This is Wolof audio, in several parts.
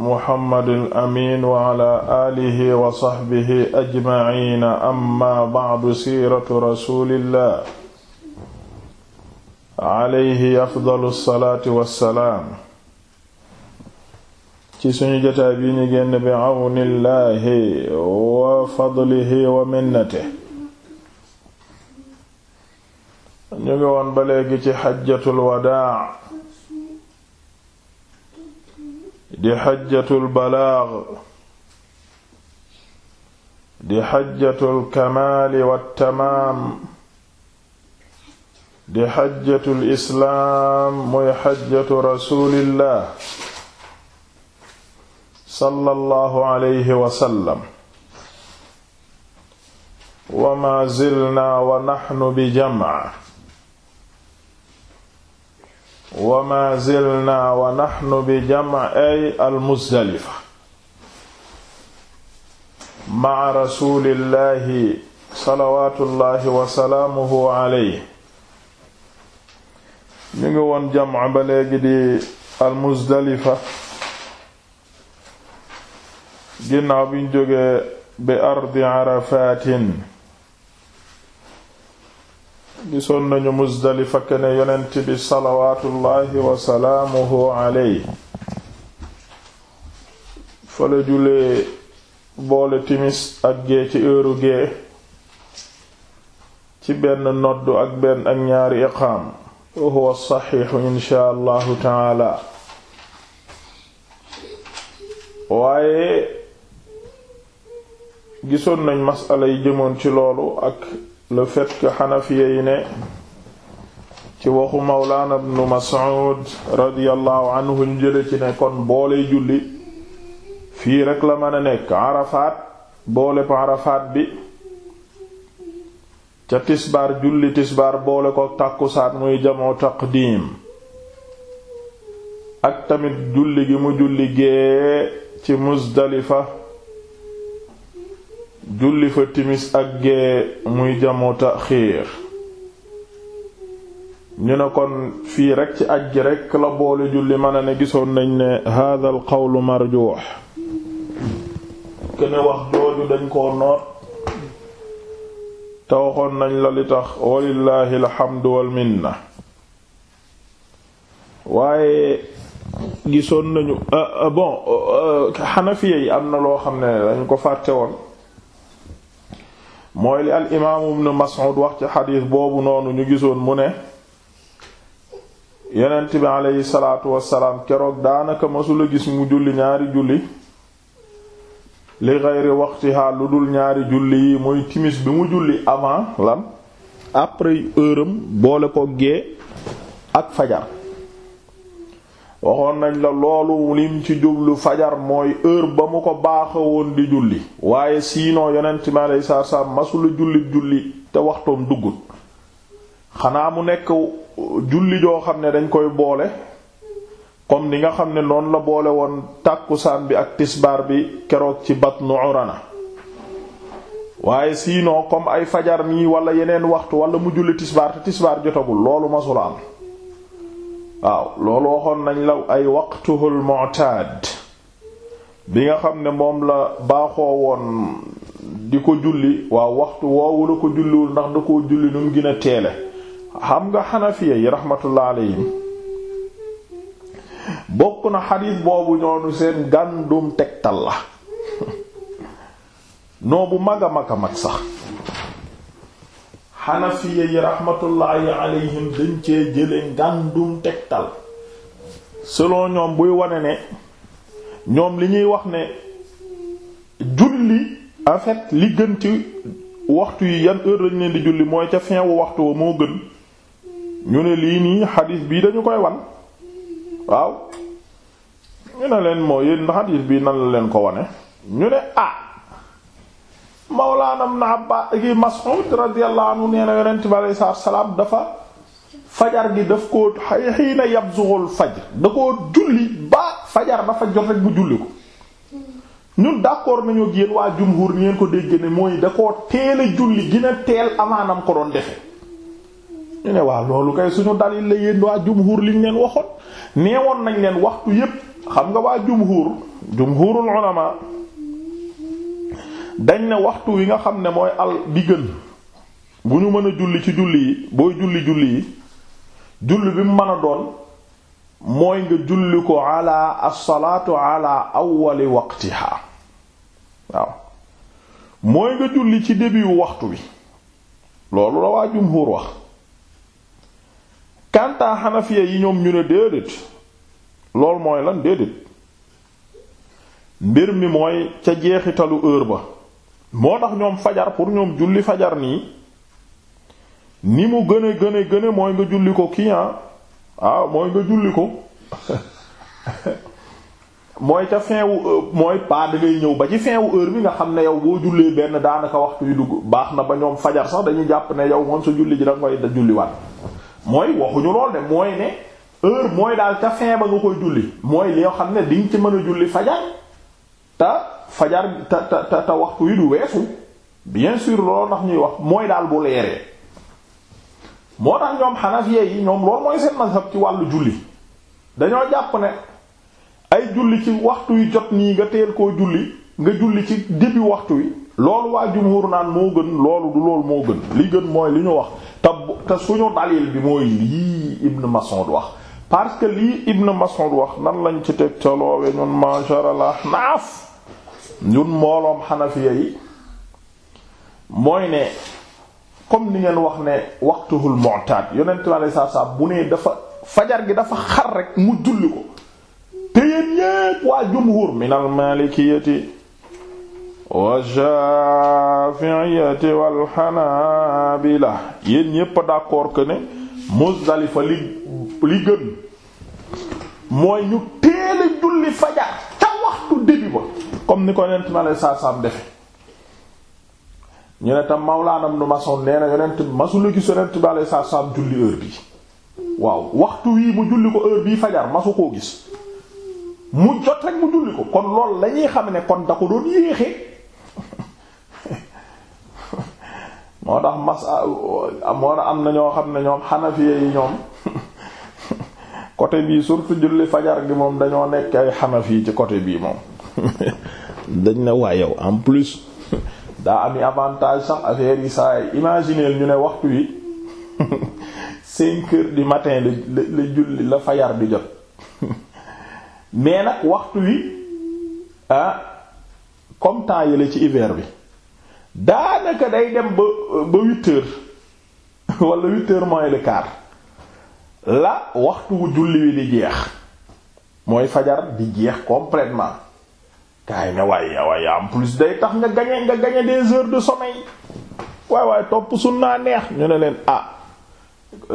muhammadul amin wa ala alihi wa sahbihi ajmaciina amma bacdu siiratu rasulillah alayhi afdalu salaatu wassalaam ci suñu jotaay bi ñu génn bi awnillahi wa fadlihi wa minnatihi ñu ngi woon ba léegi ci xajjatul wadaa di xajjatul balaag di xajjatul kamaali wattamaam di xajjatul islaam muy xajjatu rasulillah sallallahu alayhi wa sallam wa ma zilna wa naxnu bi jamca wa ma zilna wa bi jam'i al-Muzdalifa ma'a rasulillahi salawaatullahi wa salaamuhu alayhi ñu ngi woon jam'a ba léegi di al-Muzdalifa ginnaaw biñ jógee bi ardi Arafatin gisoon nañu Muzdalifa kene yonent bi salawaatullaahi wa salaamuhu alayhi fa la julee boole timis ak gee ci heure gee ci benn noddu ak benn ak ñaari iqaam wa huwa saxiixu inshaa allahu taala waaye gisoon nañ masala yi jëmoon ci loolu ak le fait xanafiya yi ne ci waxu mawlaana ibnu Mas'ud radiyallahu anhu ñu jële ci ne kon boole julli fii rek la mën a nekk Arafat boole bu Arafat bi ca tisbaar julli tisbaar boole ko tàkkusaat muy jamoo taqdiim ak tamit julli gi mu julli gee ci Muzdalifa julli fa timis ak gee muy jamu taxiir ñu ne kon fii rekk ci aj gi rek la boole julli mën ne gisoon nañ ne hada al qawlu marjuux kene wax jooju dañ koo noot te waxoon nañ la li tax la alhamdu wal minna waaye gisoon nañu ah, ah, bon xanafiya ah, yi am na loo xam ne dañ ko fàtte woon mooy li al imaamu ibn Mas'ud wax ci xadiis boobu noonu ñu gisoon mu ne yonent bi aleyhi salaatu wassalaam keroog daanaka masula gis mu julli ñaari julli li geyri waxtihaa lu dul ñaari julli yi muy timis bi mu julli avant lan après heure am boole ko gee ak fajar waxoon nañ la loolu lim ci jublu fajar mooy heure ba mu ko baaxa woon di julli waaye sinon yonent mi aleyhi salaatu salaam masula julli julli te waxtoom duggut xanaa mu nekk julli joo xam ne dañ koy boole comme ni nga xam ne noonu la boole woon tàkkusaan bi ak tisbaar bi keroog ci batnu urana waaye sinon comme ay fajar nii wala yeneen waxtu wala mu julli tisbaar te tisbaar jotagul loolu masula am waaw loolu waxoon nañ la ay waqtuhul mu'taad bi nga xam ne moom la baaxoo woon di ko julli waa waxtu woowu la ko julliwul ndax du koo julli nu mu gën teele xam nga xanafiya yi rahmatullah yi bokk na xadiis boobu ñoonu seen gàndum tegtal la noo bu mag a mag a mag sax xanafiya yi raxmatullaahi alayhim dañ cee jële ngàndum tegtal selon ñoom buy wane ne ñoom li ñuy wax ne julli en fait li gën ci waxtu yi yan heure lañ julli mooy ca fin wu waxtu wa moo gën ñu ne lii nii xadiis bii dañu koy wan waaw ñu ne leen moo yéen xadiis bii na la leen ko wone ñu ne ah Mawlaana Ibn Abbaas gi Mas'ud radiyallahu anhu nee na yonent bi alayhi salaatu salaam dafa fajar gi daf koo yab yabzughul fajr da koo julli ba fajar dafa jot bu julli ko ñun d'accord nañu ak yéen waa jumhur ni ngeen ko dégg ne mooy da koo teel a julli gina teel amaanam ko doon defe ñu ne waa loolu kay suñu dalil la waa jumhur liñ leen waxoon neewoon nañ leen waxtu yépp xam nga waa jumhur jumhurul ulama dañ ne waxtu wi nga xam ne mooy al bi gën bu ñu mën a julli ci julli yi booy julli julli yi julli bi mu mën a doon mooy nga julli ko ala as-salaatu ala awwali waqtiha waaw mooy nga julli ci début waxtu wi loolu la waa jumhuur wax kantaa xanafiya yi ñoom ñu ne déedéet loolu mooy lan déedéet mbir mi mooy ca jeexitalu heure ba moo tax ñoom fajar pour ñoom julli fajar nii ni mu gën a gën a gën a mooy nga julli ko kii ah, ah mooy nga julli ko mooy ca fin euh, mooy pas da ñëw ba ci fin wu heure bi nga xam ne yow boo jullee benn daanaka waxtu yu dugg baax na ba ñoom fajar sax dañuy jàpp ne yow moom sa julli ji da nga koy da julliwaat mooy waxuñu lool de mooy ne heure mooy daal ca fin ba nga koy julli mooy li xam ne diñ ci mën a julli fajar ta fajar te te te waxtu yi du weesu bien sûr loolu ndax ñuy wax mooy daal bu leeree moo tax ñoom Hanafiya yi ñoom loolu mooy seen mazhab ci wàllu julli dañoo jàpp ne ay julli ci waxtu yu jot nii nga teel koo julli nga julli ci début waxtu wi loolu waa jumhur naan moo gën loolu du loolu moo gën li gën mooy li ñu wax te suñu dalil bi mooy lii Ibn Mas'ud wax parce que lii Ibn Mas'ud wax nan lañu ci teg ca loowe ñun mashar ñun mbooloom xanafiya yi mooy ne comme ni ngeen wax ne waxtuhul mu'tad yonent mi aleyhi salaatu salaam bu ne dafa fajar gi dafa xar rek mu julli ko te yéen ñépp waa jumhur min al malikiyati wa shafi'iyati wal hanabila yéen ñépp d'accord que ne Muzdalifa li li gën mooy ñu teel julli fajar ca waxtu début comme ni ko yonent mi aleyhi salaatu salaam defe ñu ne tam mawlaanam nu mason nee na yonent masula gis yonent bi aleyhi salaatu salaam julli heure bi waaw waxtu wii mu julli ko heure bii fajar masu koo gis mu jot rek mu julli ko kon loolu lañuy xam ne kon da ko doon yéexe moo tax mas ah, moo tax am na ñoo xam ne ñoom xanafiye yi ñoom côté bii surtout julli fajar gi moom dañoo nekk ay xanafi ci côté bii moom dañ ne waa yow en plus daa ami avantage sax affaire yi saa yi imaginer ñu ne waxtu wi cinq heures du matin la la julli la fayar di jot mais nag waxtu wi ah comme temps yële ci hiver bi daanaka day dem ba ba huit heures wala huit heures la waxtu wu julli wi di jeex mooy fajar di jeex complètement kaay na waaye waaye en plus day tax nga gagner nga gagner des heures de sommeil waaye waaye topp sunnaa neex ñu ne leen ah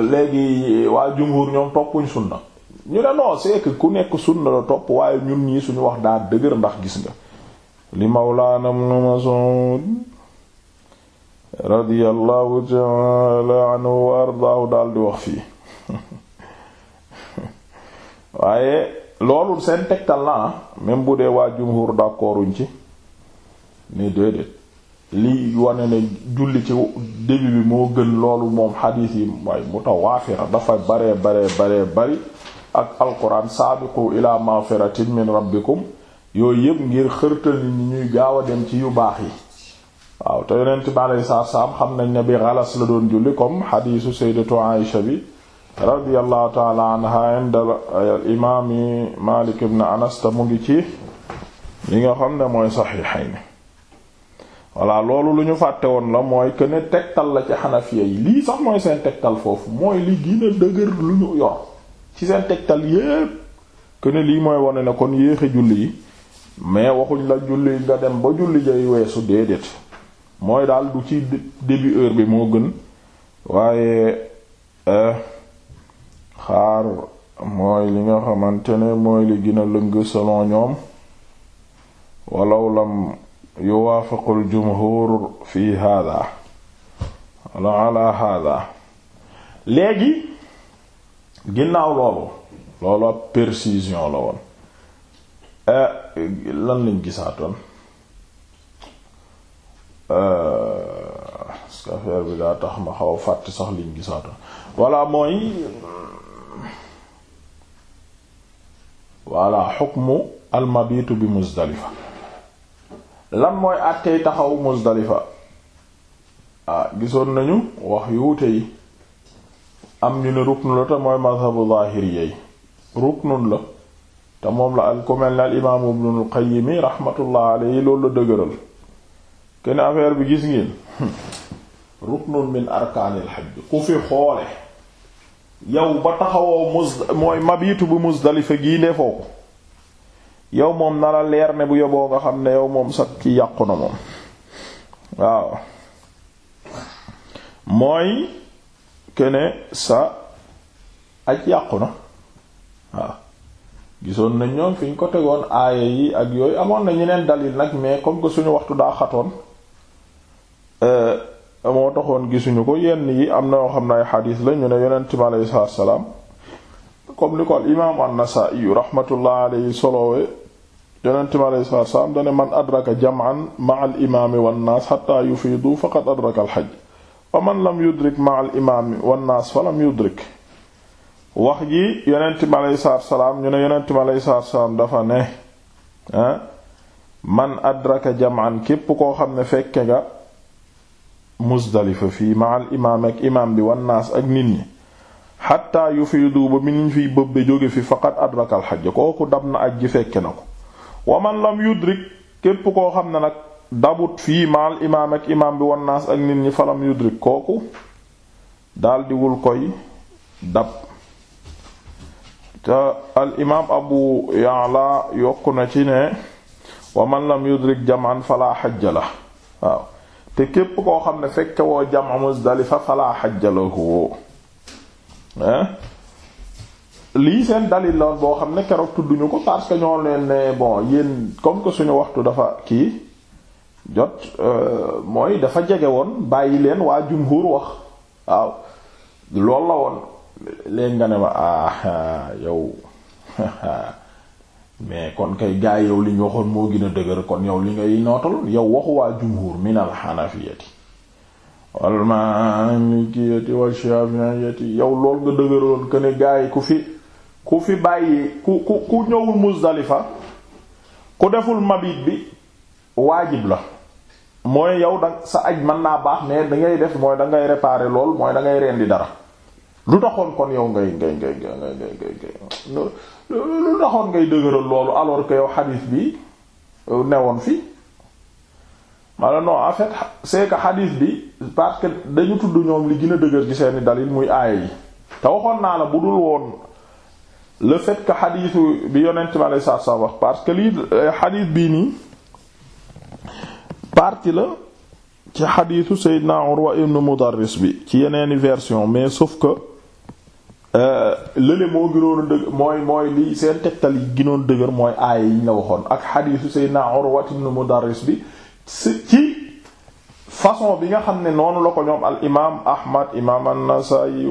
léegi waa jumhur ñoom toppuñ sunna ñu ne non c'est ku nekk sunna la topp waaye ñun ñii suñu wax daal dëgër ndax gis nga li mawlaana ibnu Mas'ud radiyallahu ta'ala anhu wa daal di wax fii waaye loolu seen tegtal la ah, même bu dee waa jumhur d'accorduñ ci ne déedéet li wane ne julli ci début bi moo gën loolu moom xadiis yi waaye mutawaafira dafa baree baree baree bari ak alquran saabiqu ila maghfiratin min rabbikum yooyu yëpp ngir xërtal ni ñuy gaaw dem ci yu baax yi waaw te yonent bi alayhi salaam xam nañ ne bi xalas la doon julli comme xadiisu sayyidatu Aïsha bi radiyallahu taala anha inda imaami Malik ibn Anas mu ngi ci li nga xam ne mooy saxiixayni voilà loolu lu ñu fàtte woon la mooy que tegtal la ci xanafiya yi lii sax mooy seen tegtal foofu mooy li gën a dëgër lu ñu yor ci seen tegtal yépp que lii mooy wane ne kon yéexe julli yi mais waxuñ la julli nga dem ba julli jay weesu déedéet mooy daal du ci début heure bi moo gën waaye. Euh, xaar mooy li nga xamante ne mooy li gën a lëng selon ñoom walaw lam yuwaafiqu aljumhur fi hada wala ala léegi ginnaaw loolu loolu ab la woon euh, lan lañ gisaatoon parce euh, affaire bi daa tax ma xaw a fàtte sax liñ gisaatoon walla mooy voilà xukmu almabitu bi Muzdalifa lan mooy àttee taxaw Muzdalifa ah, gisoon nañu wax yu wute yi am ñu ne ruknu la te mooy mazhabu zahiri yey ruknun la te moom la al ku mel ne al imaamu ibnul Qayyim loolu la dëgëral kenn affaire bi gis ngeen ruknun min arkaanil hajj ku fi xoole yow ba taxawoo mus mooy mabiitu bu Muzdalifa gii defoo ko yow moom na la leer ne bu yoboo nga xam ne yow moom sax ci yàqu na moom waaw mooy kene sa aj yàqu na waaw gisoon na ñoom fi ñu ko tegoon aaya yi ak yooyu amoon na ñeneen dalil nag mais comme que suñu waxtu daa xatoon euh, moo taxoon gisuñu ko yenn yi am na yoo xam na ay xadiis la ñu ne yonent mi aleyhi salaatu salaam comme li ko al imaam an-Nasaa'i rahmatullah aleyhi solowee yonent mi aleyhi salaam dane man adraka jam'an ma'a al-imaami wan-naas hattaa yufiidu faqad adraka al-hajj wa man lam yudrik ma'a al-imaami wan-naas falam ñu ne yonent mi aleyhi salaatu salaam dafa ne ah man adraka jam'an képp koo xam ne fekke nga Muzdalifa fii ma al imaam imaam bi wannaas ak nit ñi xatta yufiidu ba mi niñ fiy bëbbe jóge fi faqat adrakal xajja kooku dab na aj ji fekke na ko wa man lam yudrik képp koo xam ne nag dabut fii ma al imaam ak imaam bi wannaas ak nit ñi falam yudrik kooku daldiwul koy dab te al imaam abu ya'la yokku na ci ne wa man lam yudrik jaman fala xajja la waaw te képp koo xam ne fekke woo jam'a Muzdalifa fala hajja lahu eh? lii seen dalil la boo xam ne keroog tudduñu ko parce que ñoo leen ne bon yéen comme que suñu waxtu dafa kii jot euh, mooy dafa jege woon bàyyi leen waa jumhur wax waaw loolu la woon léegi nga ne ma ah, ah, yow mais kon kay gaa yow li waxoon moo gën dëgër kon yow li ngay nootal yow waxu waa jumhur min al xanafiyati wal maalikiyati wa shafi'iyati yow lool nga dëgëroon que ne gaa ku fi ku fi bàyyi ku ku ku ñëwul Muzdalifa ku deful mabit bi waajib la mooy yow da sa aj mën naa baax mais dangay def mooy dangay réparer lool mooy dangay di dara lu taxoon kon yow ngay ngay ngay ngay ngay ngay lu taxoon ngay dëgëral loolu alors que yow xadiis bi euh, newoon fi maanaam non en fait c'est que xadiis bi parce que dañu tudd ñoom li gën a dëgër ci seeni dalil muy aaya yi te waxoon naa la bu dul woon le fait que xadiisu bi yonent ma saa saa wax parce que lii euh, xadiis bii nii partie la ci xadiisu Seydina Urwa ibn Mudarris bi ci yeneen yeneeni version mais sauf que Euh, lële moo gënoon dëgër mooy mooy li seen tegtal yi gënoon dëgër mooy aaya yi ñu waxoon ak xadiisu Seydina Urwat ibn Mudarris bi ci façon bi nga xam ne noonu la ko ñoom al imaam Ahmad imaam an-Nasaa'i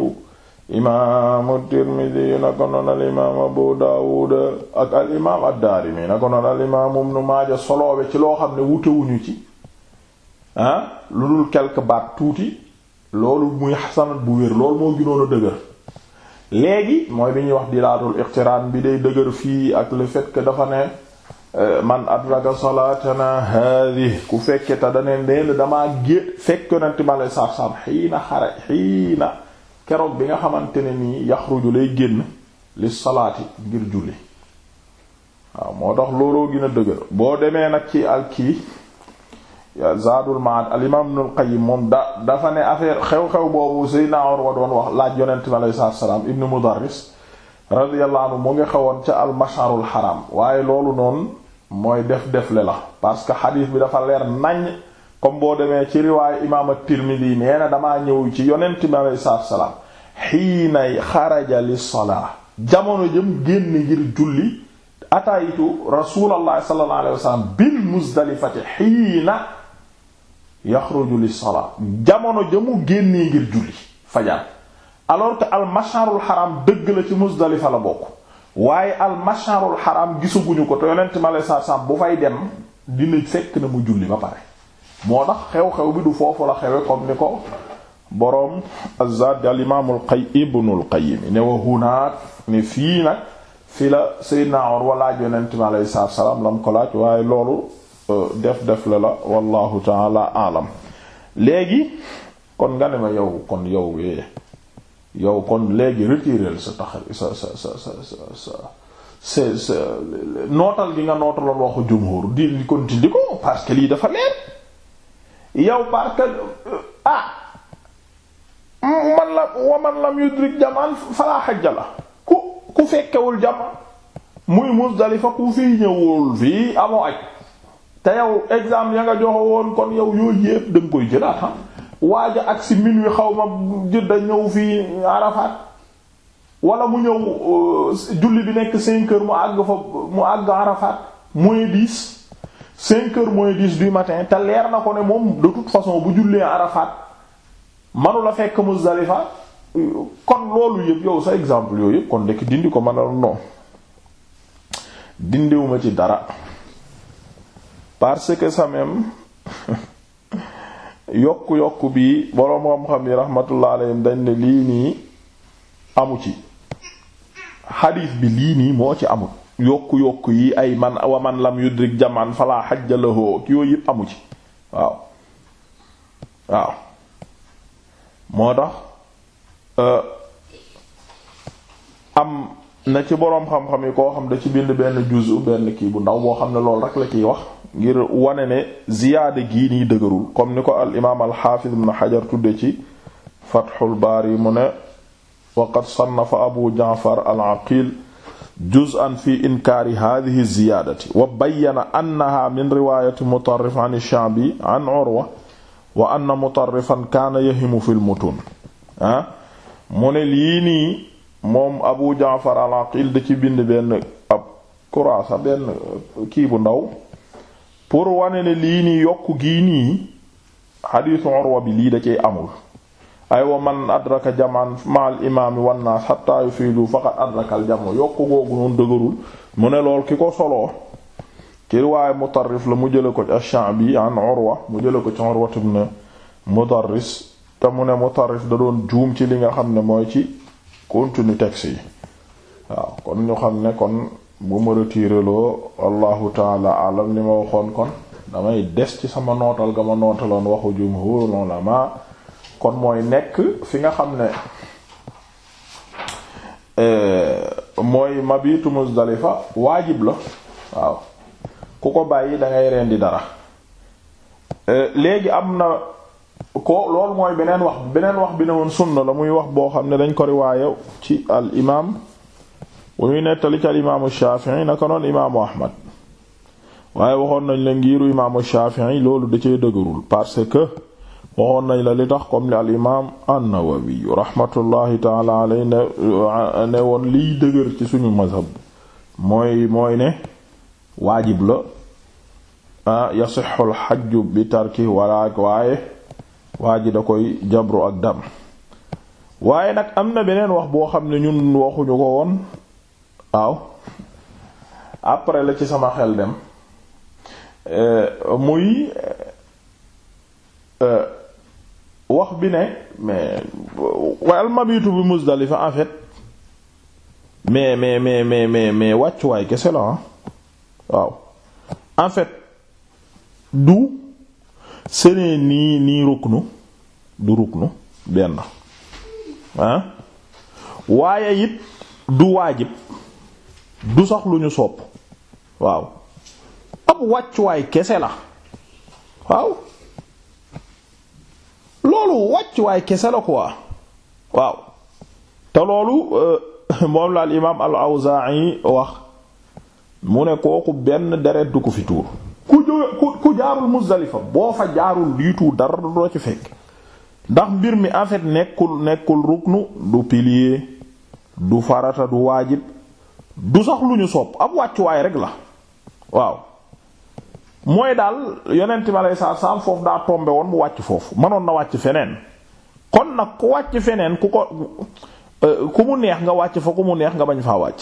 imaamu Tirmidi na ko noon al imaam Abu Daawud ak al imaam ad-Daarimi na ko noon al imaam Ibnu Maaja soloowe ci loo xam ne wutewuñu ci ah lu dul quelque baat tuuti loolu muy xasanat bu wér loolu moo gënoon dëgër léegi mooy bi ñuy wax dilaatul iqtiraan bi day dëgër fii ak lu fait dafa ne euh, man adraka salatana hadi ku fekke te dane neen damaa gé fekk yonente bi alei satu xiina xare xiina keroog bi nga xamante ne nii yaxruju lay génn li salaati ngir julli waaw moo tax looloo gën dëgër boo demee nag ci alki Zaadul Ma'ad al imaam Ibnul Qayyim moom da dafa ne affaire xew-xew boobu Seydina Urwa doon wax laaj yonent bi alayhi salaatu wa salaam Ibnu Mudarris radiyallahu anhu mu ngi xewoon ca al Mash'arul Haram waaye loolu noonu mooy def-defle la parce que xadiis bi dafa leer naññ comme boo demee ci riwaayu imaam at-Tirmidhi nee na damaa ñëw ci yonent bi alayhi salaatu wa salaam xiina xaraja lis jamono jëm génn ngir bil Muzdalifati xiina yaxruju li jamono ja mu génnee ngir julli fajar alors que almasharul xaram dëgg la ci Muzdalifa la bokk waaye almasharul xaram gisaguñu ko te yonent ma lay sarsam bu fay dem dina fekk na mu julli ba pare moo tax xew-xew bi du foofu la xewe comme ni ko boroom azad di qay ibnul qayyim ne wa ne fii nag fi la Seydina Urwa laaj yonent ma lay sarsalaam la waaye loolu def def la la wallahu taala alam léegi kon nga ne ma yow kon yow eh, yow kon léegi retirer sa tax sa sa sa sa sa sa sa nootal gi nga nootaloon waxu jumhur di continuer ko parce que lii dafa leer yow parce euh, ah man la wa man lam yudrik jamaan fala la ku ku fekkewul jamaan muy Muzdalifa ku fi ñëwul fii amoo aj te yow exemple ya nga joxe woon kon yow yooyu yépp da nga koy jëlaat ah waaja ak si min wi xaw ma jëdda ñëw fii Arafat walla mu ñëw euh, julli bi nekk cinq heures mu àgg fa mu àgg Arafat moins dix cinq heures moins dix du matin te leer na ko ne moom de toute façon bu jullee Arafat manu la fekk Muzdalifa kon loolu yëpp yow sa exemple yooyu yëpp kon dekk dindi ko mënal non dindiwuma ci dara parce que ça même yokku yokku bi boroom xam-xam yi rahmatullah alayhim dañ ne lii nii amu ci xadiis bi lii nii moo ci amut yokku yokku yi ay man wa man lam yudrik jaman fala hajja lahu ki yooyu yëpp amu ci waaw waaw moo tax euh, am na ci boroom xam-xam yi koo xam da ci bind benn juzu benn kii bu ndaw boo xam ne loolu rek la ciy wax ngir wane ne ziyaada gii nii dëgërul comme ni ko al imaam al xaafiz ibn xajar tudde ci fathul baari abu jaafar al aqil juz'an fi inkaari hadhihi ziyaadati wa bayyana min riwaayati mutarrif an ash-sha'bi an urwa kaana yahimu fil mutun ah mu ne abu jaafar al aqil da ci bind benn ab kuraasa bu ndaw pour wane ne lii nii yokk gii nii xadiisu Urwa bi lii da cay amul aywa man adraka jaman ma al imaami wannaas xatta yufiidu faqad adrakal jamu yokk googu noonu dëgërul mu ne lool ki ko soloo ci riwaaye Mutarrif la mu jële ko ash bi an Urwa mu jële ko ci Urwa ibn Mudarris te mu ne Mutarrif da doon juum ci li nga xam ne mooy ci continue texte yi waaw kon ñu xam ne kon bu ma retiré loo allahu taala alam li ma waxoon kon damay des ci sama nootal ga ma nootaloon waxu jumhurul ma kon mooy nekk fi nga xam ne eh, mooy mabitu Muzdalifa waajib la waaw ku ko bàyyi da ngay rendi dara eh, léegi am na ko loolu mooy beneen wax beneen wax bi ne woon sunna la muy wax boo xam ne dañ ko riwaaye ci al imaam bu ñuy nettali ca imaamu Shaafi'i naka noon imaamu Ahmad waaye waxoon nañ la ngiiru imaamu Shaafi'i loolu da cee dëgërul parce que waxoon nañ la li tax comme li al nawawi rahmatullahi taala alay ne woon liy dëgër ci suñu mazhab mooy mooy ne waajib la ah, yasixu al bi tarki wala waaye waa da koy jabru ak dam waaye nag am na beneen wax boo xam ne ñun waxuñu ko woon waaw après la ci sama xel dem euh, muy euh, euh, wax bi ne mais wal en fait mais mais mais mais mais mais wàccuwaay kese la fait du senee waaye it du waajib du sax lu ñu sopp waaw ab wàccuwaay kese la waaw loolu wàccuwaay kese la quoi waaw te loolu euh, moom la al imaam al Awzaa'i wax mu ne kooku benn deret du ko fi tuur ku jóge ku jaarul Muzdalifa boo fa jaarul diitu dara doo ci fekk ndax mbir mi en fait nekkul nekkul ruknu du pilier du farata du waajib du sax lu ñu sopp ab wàccuwaay rek la waaw mooy daal yonent bi aleyhi salaatu salaam foofu daa tombe woon mu wàcc foofu mënoon na wàcc feneen kon nag ku wàcc feneen ku ko euh, ku mu neex nga wàcc fa ku mu neex nga bañ faa wàcc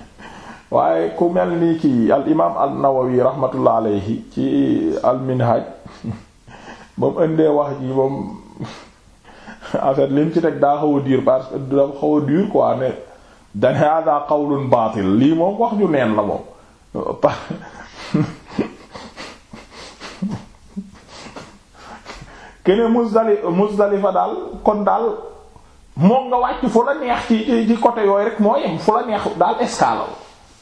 waaye ku mel ni ki al imaam al nawawi rahmatullah ci al minhaj ba mu indee wax ji moom en fait lim ci teg daa xaw a dur parce que daa xaw a dur quoi dane hada qawlun baatil lii moom wax ñu neen la moom kene musdali daal kon daal moom nga wàcc fu la neex ci ci côté yooyu rek moo yem fu la neex daal escalal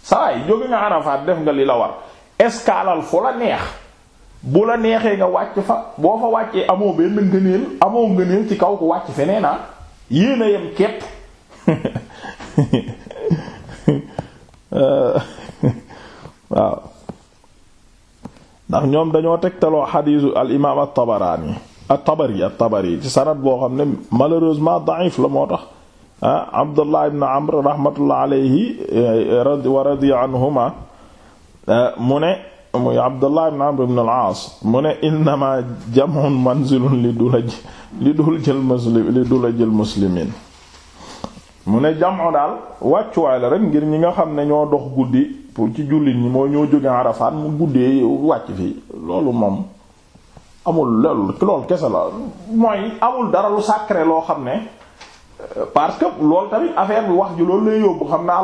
sawaay jóge nga Arafat def nga li la war escalal fu la neex bu la neexee nga wàcc fa boo fa wàccee amoo benn ngëneel amoo ngëneel ci kaw ku wàcc feneen ah. naa yem képp waaw ndax ñoom dañoo tegtaloo xadiisu al imaam at-Tabaraani ci sanad boo xam ne malheureusement da'if la moo tax ah Abdullah ibn Amr rahmatullah alayhi eh, wa radiya anhuma eh, mu ne muy Abdullah ibn Amr ibn al-Aas mu ne innama jam'un manzilun li dulaj li dulajil muslim li dulajil muslimin mu ne jamu daal wàccuwaay la rek ngir ñi nga xam ne ñoo dox guddi pour ci jullit ñi moo ñoo jóge Arafat mu guddee wàcc fii loolu moom amul loolu kese la mooy amul dara lu sacré loo xam ne euh, parce que loolu tamit affaire bi wax ji loolu lay yóbbu xam naa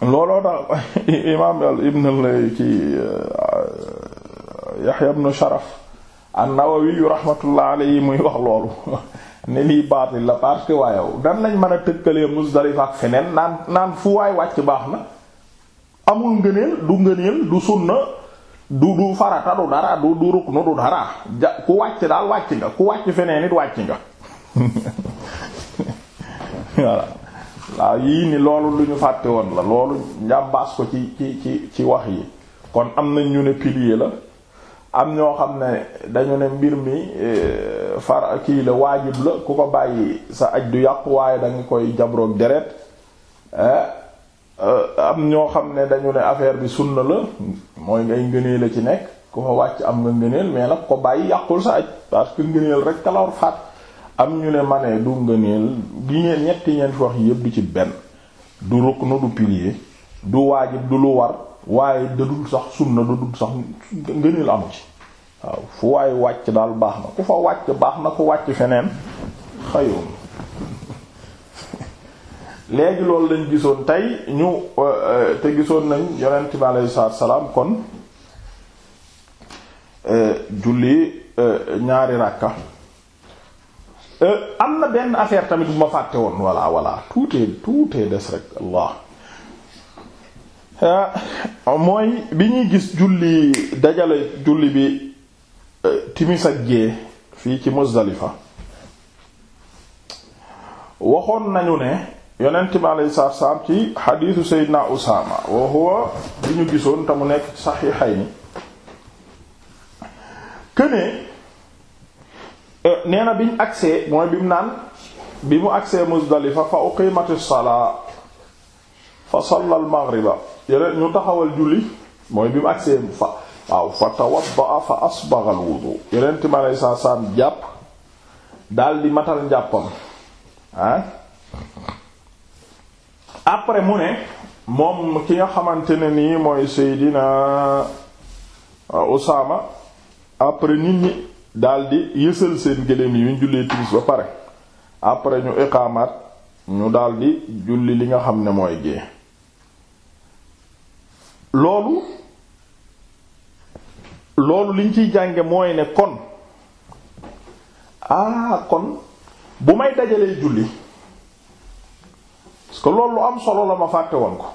looloo tax imaam looloo tax ci Yahya ibn Sharaf an-Nawawi rahmatullah alayhi muy wax loolu ne lii baatil la parce que waaye dan lañ mën a tëkkalee Muzdalifa ak feneen naan naan fu waay wàcc baax na amul ngëneel du ngëneel du sunna du du farata du dara du du ruknu du dara ja ku wàcc daal wàcc nga ku wàcc feneen it wàcc nga waaw yii ni loolu lu ñu fàtte woon la loolu njàmbaas ko ci ci ci ci wax yi kon am na ñu ne pilier la am ñoo xam ne dañu ne mbir mi e, far kii la waajib la ku ko bàyyi sa aj du yàqu waaye da koy jabroog deret e, e, am ñoo xam ne dañu ne affaire bi sunna la mooy ngay ngëneel la ci nekk ku fa wàcc am nga ngëneel mais nag ko bàyyi yàqul sa aj parce que ngëneel rek ka la faat am ñu ne ma ne du ngëneel gi ngeen ñetti ñeent wax yépp ci benn du ruknu du pilier du waajib du lu war waaye dadul sax sunna dadul sax ngëneel amu ci waaw fu waaye wàcc daal baax na ku fa wàcc baax na ku wàcc feneen xayoon léegi loolu lañ gisoon tey ñu euh, euh, te gisoon nañ yonent bi aleyhi salaatu salaam kon euh, julli ñaari ràkka am na benn affaire tamit bu ma fàtte woon voilà voilà tout est tout est des rek Allah Ah, mooy bi ñuy gis julli dajale julli bi eh, timis ak gée fii ci Muzdalifa waxoon nañu ne yonent bi alayhi salaatu salaam ci xadiisu Seydina Usaama wa huwa bi ñu gisoon te mu nekk Saxiixayni kënee eh, nee na bi ñu agsee mooy bi mu naan bi mu agsee Muzdalifa fa uqimatis salaa fa sallal maghriba yéen ñu taxawal julli mooy bi mu agsee fa waaw fa tawadda fa asbagha al wudu yeneen time saa saam jàpp dal di matal njàppam ah après mu ne moom ki nga xamante ne nii mooy Seydina euh, Usaama après nit ñi dal di yësal seen gëléem yi ñu jullee timis ba pare après ñu iqaamaat ñu dal di julli li nga xam ne mooy gée loolu loolu liñ ciy jànge mooy ne kon ah kon bu may dajalee julli parce loolu lu am solo la ma fàtte woon ko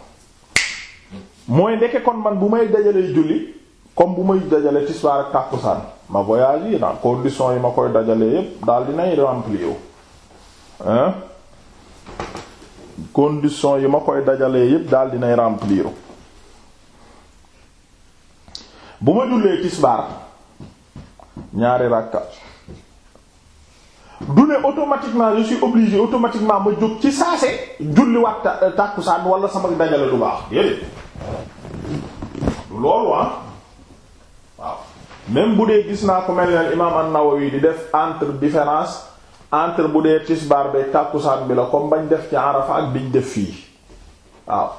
mooy ndeke kon man bu may dajalee julli comme bu may dajalee tisbaar ak tàkkusaan ma voyage yi dans conditions yi ma koy dajalee yépp daal dinay remplir wu hein conditions yi ma koy dajalee yépp daal dinay remplir wu bu ma jullee tisbaar ñaari ràkka du ne automatiquement je suis obligé automatiquement ma jóg ci saase julli waat euh, tàkkusaan wala sama dajale du baax déedéet loolu ah waaw même bu dee gis naa ko mel ne imaam an-Nawawi di def entre différence entre bu dee tisbaar be tàkkusaan bi la comme bañ def ci Arafa ak biñ def fii waaw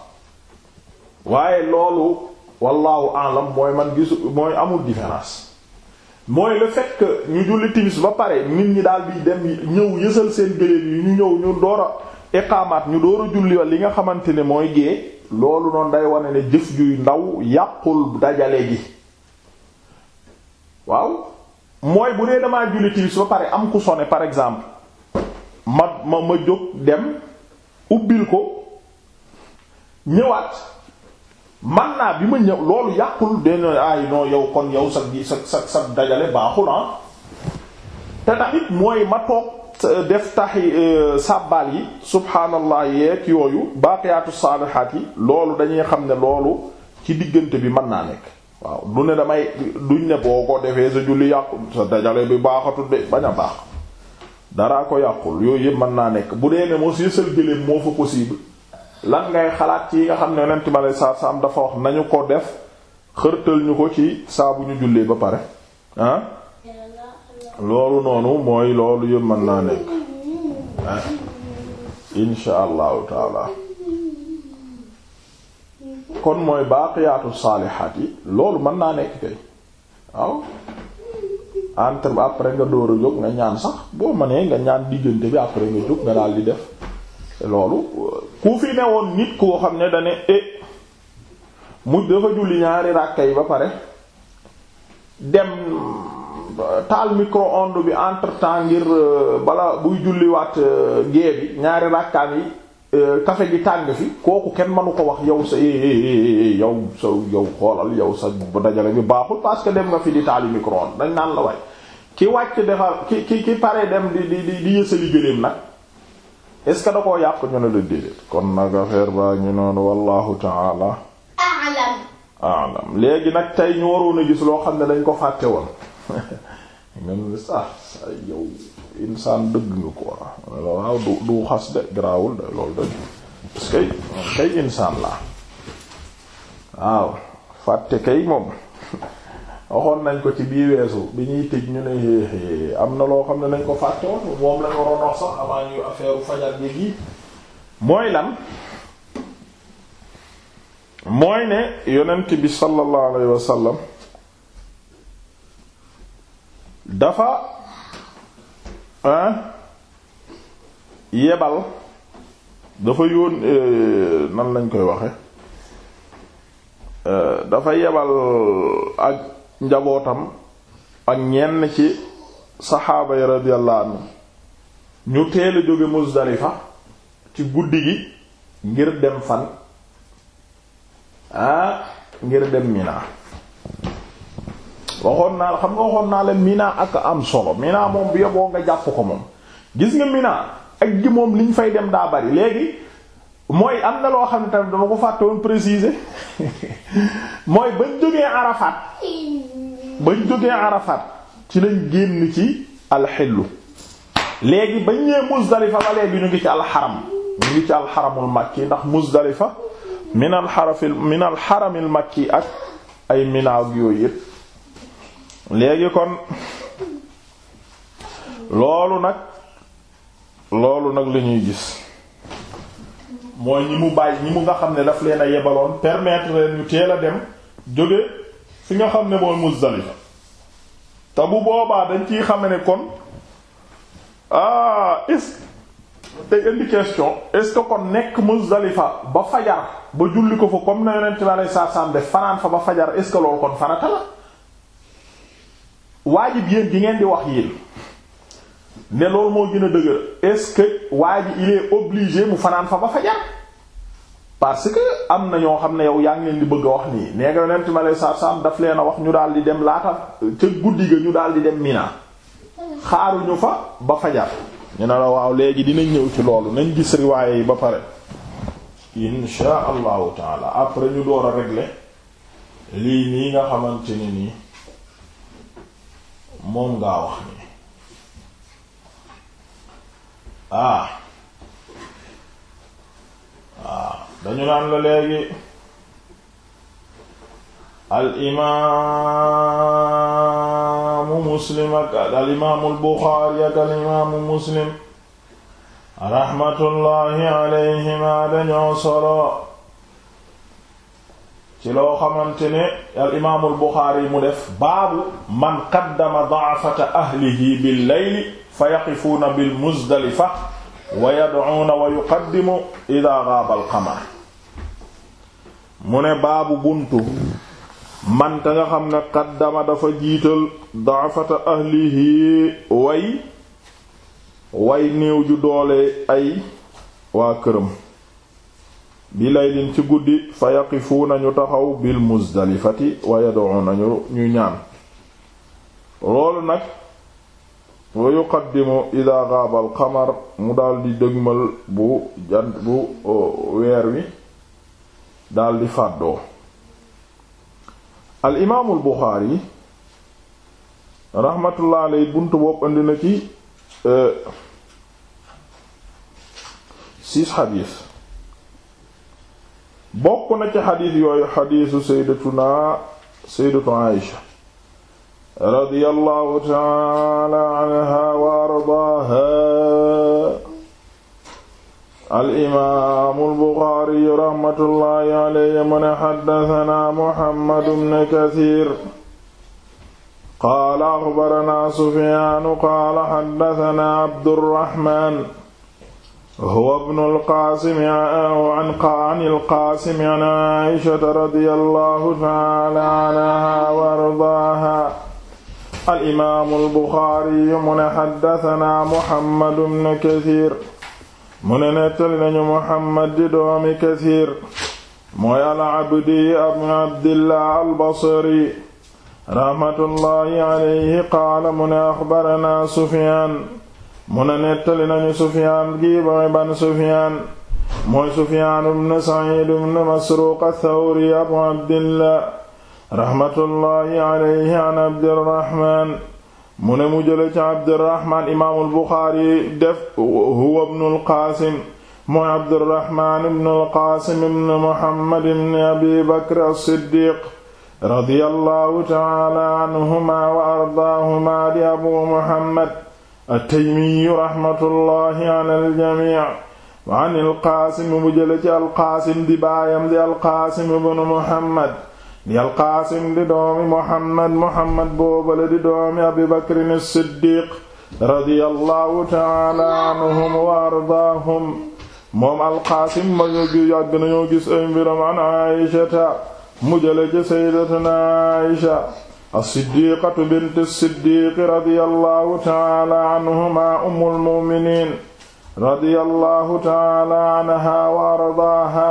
waaye loolu wallahu alam mooy man gisu mooy amul différence mooy le fait ñu julli timis ba pare nit ñi daal di dem ñëw yësal seen gëléem yu ñu ñëw ñu door a iqaamaat ñu door a julli wa li nga xamante ne mooy gée loolu doon day wane ne jëf juy ndaw yàqul dajale gi waaw mooy bu dee damaa julli timis ba pare am ku sone par exemple ma ma ma jóg dem ubbil ko ñëwaat man naa bi ma ñëw loolu yàqul den ay non yow kon yow sa sa sa sa dajale baaxul ah te tamit mooy ma toog euh, def taxi euh, sàbbaal yi subhaanallah yeeg yooyu baaqiyaatu saalihaat yi loolu dañuy xam ne loolu ci diggante bi mën naa nekk waaw du ne damay duñ ne boo ko defee sa julli yàqul sa dajale bi baaxatul de bañ a baax daraa ko yàqul yooyu yëpp mën naa nekk bu dee ne moo si sël gëléem moo fa possible lan ngay xalaat ci yi nga xam ne yonent mi aleyhi salaatu salaam dafa wax nañu ko def xërtal ñu ko ci saa bu ñu jullee ba pare ah loolu noonu mooy loolu yëpp mën naa nekk ah? insha allahu taala kon mooy baaqiyaatu saalihaat yi loolu mën naa nekk kay waaw entre après nga door a jóg nga ñaan sax boo mënee nga ñaan diggante bi après nga jóg nga daal di def loolu ku fi newoon nit koo xam ne dane e mu dafa julli ñaari ràkka yi ba pare dem taal micro-ondes bi entre temps ngir euh, bala buy julliwaat euh, gée bi ñaari ràkkaam yi euh, café gi tàng fi kooku kenn mënu ko wax yow sa eh, eh, yow sa yow xoolal yow sa dajale bi baaxul parce que dem nga fi di taali micro-ondes dañ naan la waay ki wàcc defar ki ki ki pare dem di di di yësali gëléem nag est ce que da koo yàq ñu ne la déedéet kon nag affaire baa ngi noonu wallahu taala a'lam a'lam léegi nag tey ñu waroon a gis loo xam ne dañ ko fàtte woon ngeen sa sa yow insaan dëgg nga ko waaw du du xas de garaawul de loolu de parce que kay insaan la waaw fàtte kay moom waxoon nañ ko ci bii weesu bi ñuy tëj ñu ne am na loo xam ne nañ ko fàtte moom lañ waroon sax avant ñuy affaire fajar gi gi mooy lan mooy ne yonent bi sallallahu alayhi wa dafa yebal dafa yóon euh, nan lañ koy waxe euh, dafa yebal ak njabootam ak ñenn ci saxaaba yi radiyallahu anhum ñu teel jóge Muzdalifa ci guddi gi ngir dem fan ah ngir dem Mina waxoon naa xam nga waxoon naa leen Mina ak am solo Mina moom bi yoboo nga jàpp ko moom gis nga Mina ak gi moom liñ fay dem daa bari léegi mooy am na loo xam ne tamit dama ko fàtte woon préciser mooy bañ jógee Arafat ba bañ jógee Arafat ci lañ génn ci alxillu léegi bañ ñëwee Muzdalifa ba léegi ñu ngi ci alxaram ñu ngi ci alxaramul makki ndax Muzdalifa min alxarafil min mag makki ak ay minaaw gi yooyu yépp léegi kon loolu nag loolu nag la ñuy gis mooy ñi mu bàyyi ñi mu nga xam ne daf leen a yebaloon permettre leen ñu teel dem jóge fi nga xam ne mooy Muzdalifa te bu boobaa dañ ci xam kon ah est-ce day indi question est-ce que kon nekk Muzdalifa ba fajar ba julli ko fa comme na yonent bi sa salaam def fanaan fa ba fajar est-ce kon farata la waajib yéen di ngeen di wax yéen ne loolu moo gën a dëgër est-ce que waajib il est mu fanaan fa ba fajar parce que am na ñoo xam ne yow yaa ngi leen di bëgg a wax nii nee nga yonent ma lay saar saam daf leen a wax ñu daal di dem laata ca guddi ga ñu daal di dem Mina xaaruñu fa ba fajar ñu ne la waaw léegi dinañ ñëw ci loolu nañ gis riwaaye yi ba pare insha allahu taala après ñu door a régler lii nii nga xamante ne nii moom ngaa wax nii ah waaw ah. dañu naan la léegi al imaamu muslim ak al imaamul buxaari ak al imaamu muslim raxmatullaahi alayhima dañoo solo ci loo xamante ne al imaamul buxaari mu def baabu man qaddama da'fata ahlihi bil layli fa yaqifuuna bil muzdalifa wa yad'uuna wa yuqaddimu idaa gaaba al qamar mu ne baabu buntu man nga xam ne qaddama dafa jiital daafata ahlihi way way néew ju doole ay waa këram bi laylin ci guddi fa yaqifuuna ñu taxaw bil muzdalifati wa yad'una nañu ñu ñaan loolu nag wa yuqaddimu ida gaaba al mu daldi dëgmal bu jant bu oh, weer wi daldi fàddoo al imaamul Buxaari raxmatullah alay buntu bopp andi na ci euh, six xadiis bokk na ci xadiis yooyu xadiisu sayyidatuna sayyidatu Aïsha radiyallahu ta'ala anha wa ardaaha al-imaamu al-Buxaari rahmatullahi alayhi mu ne haddasanaa Muhammad ibn Kasiir qaala axbaranaa Sufyaanu qaala haddasanaa Abdurraxmaan huwa ibnul Qaasim anil Qaasim an Aysata radiyallaahu ta'aalaa anhaa wa ardaahaa al-imaamu al-Buxaari mu ne haddasanaa Muhammad ibn Kasiir mu ne nettali nañu muhammad di doomi kasiir mooy alabdi abu abdillah albasri raxmatullaahi alayhi qaala mu ne axbaranaa sufyaan mu ne nettali nañu sufyaan gi mooy ban sufyaan mooy sufyaan ibn saciid ibn masruuq athawri abu abdillah raxmatullaahi alayhi an abdirraxmaan mu ne mu jële ci abdirahman imaamul buxaari def huwa bnul qaasim mooy abdirahman bnul qaasim ibn muhammad ibn abi bakr as-siddiq radiyallahu taala anhuma wa ardaahuma di abu muhammad at-taymiyu rahmatullahi ala al-jamii wa an al-qaasim mu jële ci al-qaasim di baayam di al-qaasim ibn muhammad di alqaasim di doomi mohammad mohammad boobale di doomi abi bakrin siddiq radiyallahu taala anhum wa ardaahum moom alqaasim ma gi yàgg nañoo gis ay mbiram an aishata mujële ci sayyidatuna aisha as-siddiqatu bint as-siddiq radiyallahu taala anhuma ummul mu'minin radiyallahu taala anha wa ardaaha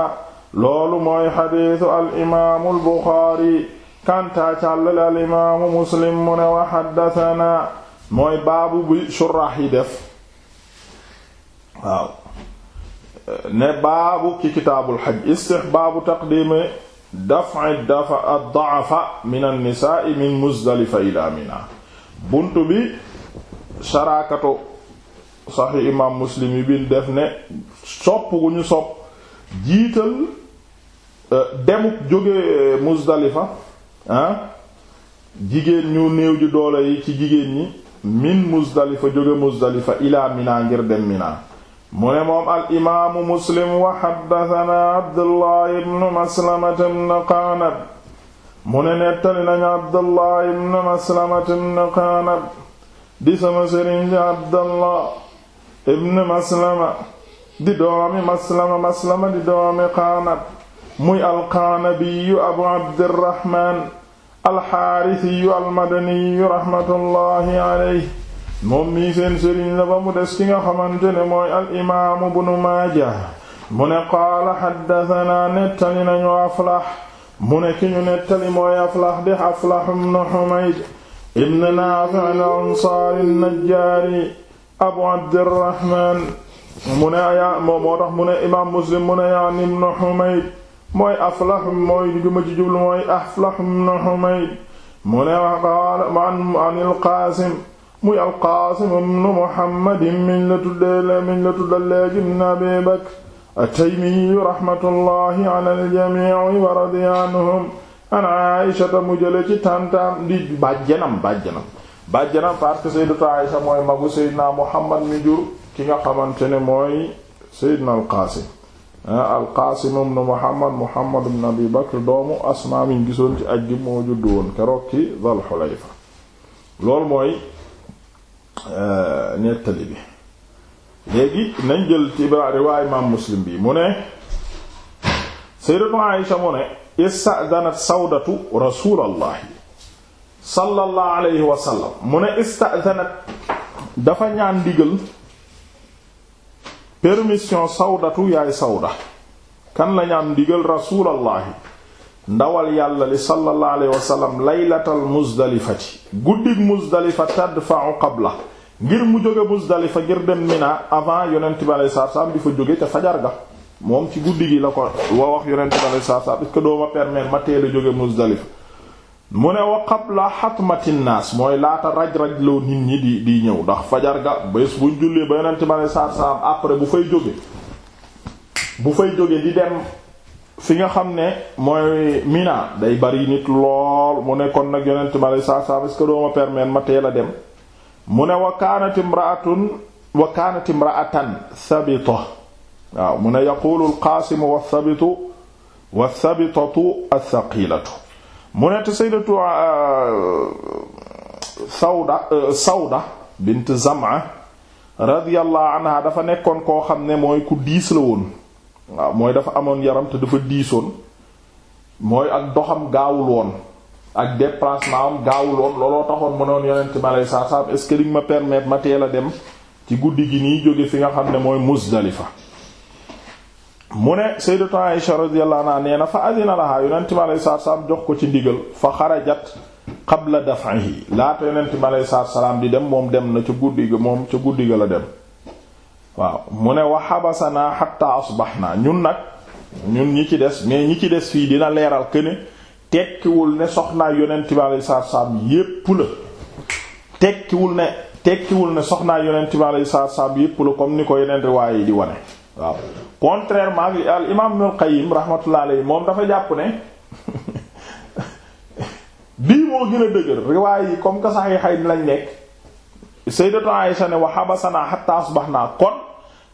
loolu mooy xadiisu al'imaamu albuxaari kantaa càllale al'imaamu muslim mu ne wa mooy baabu bi suraax yi def waaw ne baabu ci kitaabul xaj istihbaabu taqdiimi dafa ad-da'fa min an min muzdalifa ilaa minaa bi saraakato saxi imaam muslim yi bin def ne sopp gu ñu sopp Euh, demuk jóge euh, Muzdalifa jigéen ñu néew ji doole yi ci jigéen ñi min Muzdalifa jóge Muzdalifa ila Mina ngir dem Mina mu ne moom al imaamu Muslim wa haddathana Abdullah ibn Maslama ibn Qanab mu ne nettali nañu Abdullah ibn Maslama ibn Qanab di sama sëriñ ji Abdullah ibn Maslama di doomi Maslama Maslama di doomi Qanab muy alqaanabiyu abu abdirahman alxaarisiyu almadaniyu raxmatullahi aleyhi moom mii seen sëriñ la ba mu des ci nga xamante ne mooy bnu maaja mu ne qaala xaddatanaa nettali nañu aflax mu ne nettali mooy aflax di aflax bnu xumayd ibn naafi al ansaari najjaari abu abdirahman mu ne yaa moo moo tax mu ne mooy aflah mooy li ma wa qaala an an muy al-Qaasim Muhammad miñ la tuddee miñ la tuddal léegi ibn Abi ala al-jamii wa radiya anhum an Aysata mu jële ci tantaam di bàjjanam bàjjanam bàjjanam parce que sayyidatu Aysa mooy magu Seydina Muhammad mi jur ki nga mooy Seydina al Ah, alqaasim ibn muhammad muhammad ibn abi bakr doomu asmaa miñ gisoon ci aj gi moo juddu woon keroog ci dal xulayfa loolu mooy eh, nettali bi léegi nañ jël ci imaam muslim bi mune ne sayyidatu aisha mu ne ista'danat sawdatu rasulallahi sallallahu alayhi wa sallam mu dafa ñaan digal permission sawdatu yaay sawda kan lañu am digal rasuulallahi ndawal yàlla li sallallahu alayhi wasallam laylatal muzdalifati guddig muzdalifa tadfa'u la ngir mu jóge muzdalifa ngir dem Mina avant yonent bi alayhi salaam di fa jóge ca fajar ga moom ci guddi gi la ko wa wax yonent bi alayhi salaam est-ce que doo ma permettre jóge muzdalifa mu ne wa qabla xatmati naas mooy laata raj-raj loo nit ñi di di ñëw ndax fajar ga bés buñ jullee ba yonent ma ne saar saam après bu fay jóge bu fay jóge di dem fi nga xam ne mooy Mina day bari nit lool mu ne kon nag yonent ma ne saar saam est-ce que doo ma permettre a dem mu ne wa kaanat imra'atun wa kaanat imra'atan sabita waaw mu ne yaqulu al qaasimu wa sabitu wa sabitatu as-saqilatu mu ne te sayyidatu uh, sawda uh, sawda bint Zam'a radiyallahu anha dafa nekkoon koo xam ne mooy ku diis la woon waaw mooy dafa amoon yaram te dafa diisoon mooy ak doxam gaawul woon ak déplacement am gaawul woon looloo taxoon mu noon yonent ma lay saa saa est-ce ma permettre ma teel a dem ci guddi gi nii jóge fi nga xam ne mooy Muzdalifa mu ne sayyidatu Aisha radiyallahu anha nee na fa adina laha yonent mi alayhi salaatu salaam jox ko ci ndigal fa xarajat qabla daf'ihi laata yonent mi alayhi salaatu salaam di dem moom dem na ca guddi ga moom ca guddi ga la dem waaw mu ne wa habasanaa hatta asbahnaa ñun nag ñun ñi ci des mais ñi ci des fii dina leeral que ne tekkiwul ne soxnaa yonent mi alayhi salaatu salaam yépp la tekkiwul ne tekkiwul ne soxnaa yonent mi alayhi salaatu salaam yépp la comme ni ko yeneen riwaaya yi di wane waaw contrairement bi al imaam Ibnul Qayyim rahmatullah alayhi moom dafa jàpp ne bii moo gën a dëgër riwaay yi comme que saxiixay lañ nekk sayyidatu Aysa ne wa habasanaa hattaa naa kon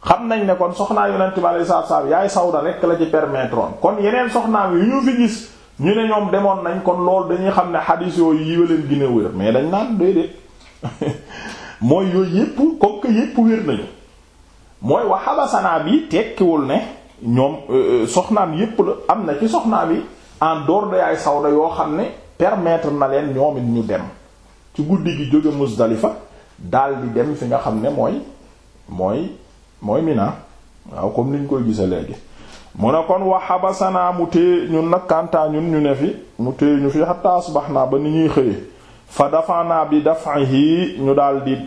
xam nañ ne kon soxnaa yu Yonent bi alayhi salaatu salaam yaay Sawda rekk la ci permettre kon yeneen soxnaam yu ñu fi gis ñu ne ñoom demoon nañ kon loolu dañuy xam ne xadiis yooyu yi leen gën a wér mais dañ naan déedéet mooy yooyu yépp comme yépp wér nañu. mooy wa xabasanaa bi tekkiwul ne ñoom euh, euh, soxnaam yépp la am na ci soxnaam bi en dehors de yaay sawda yoo xam ne permettre na leen ñoom it ñu dem ci guddi gi jóge Muzdalifa daal di dem fi nga xam ne mooy mooy mooy Mina waaw comme niñ koy gisa léegi mu ne kon wa xabasanaa mu téye ñun nag kantaa ñun ñu ne fi mu téye ñu fi hatta naa ba ni ñuy xëyee fa dafanaa bi dafahi ñu daal di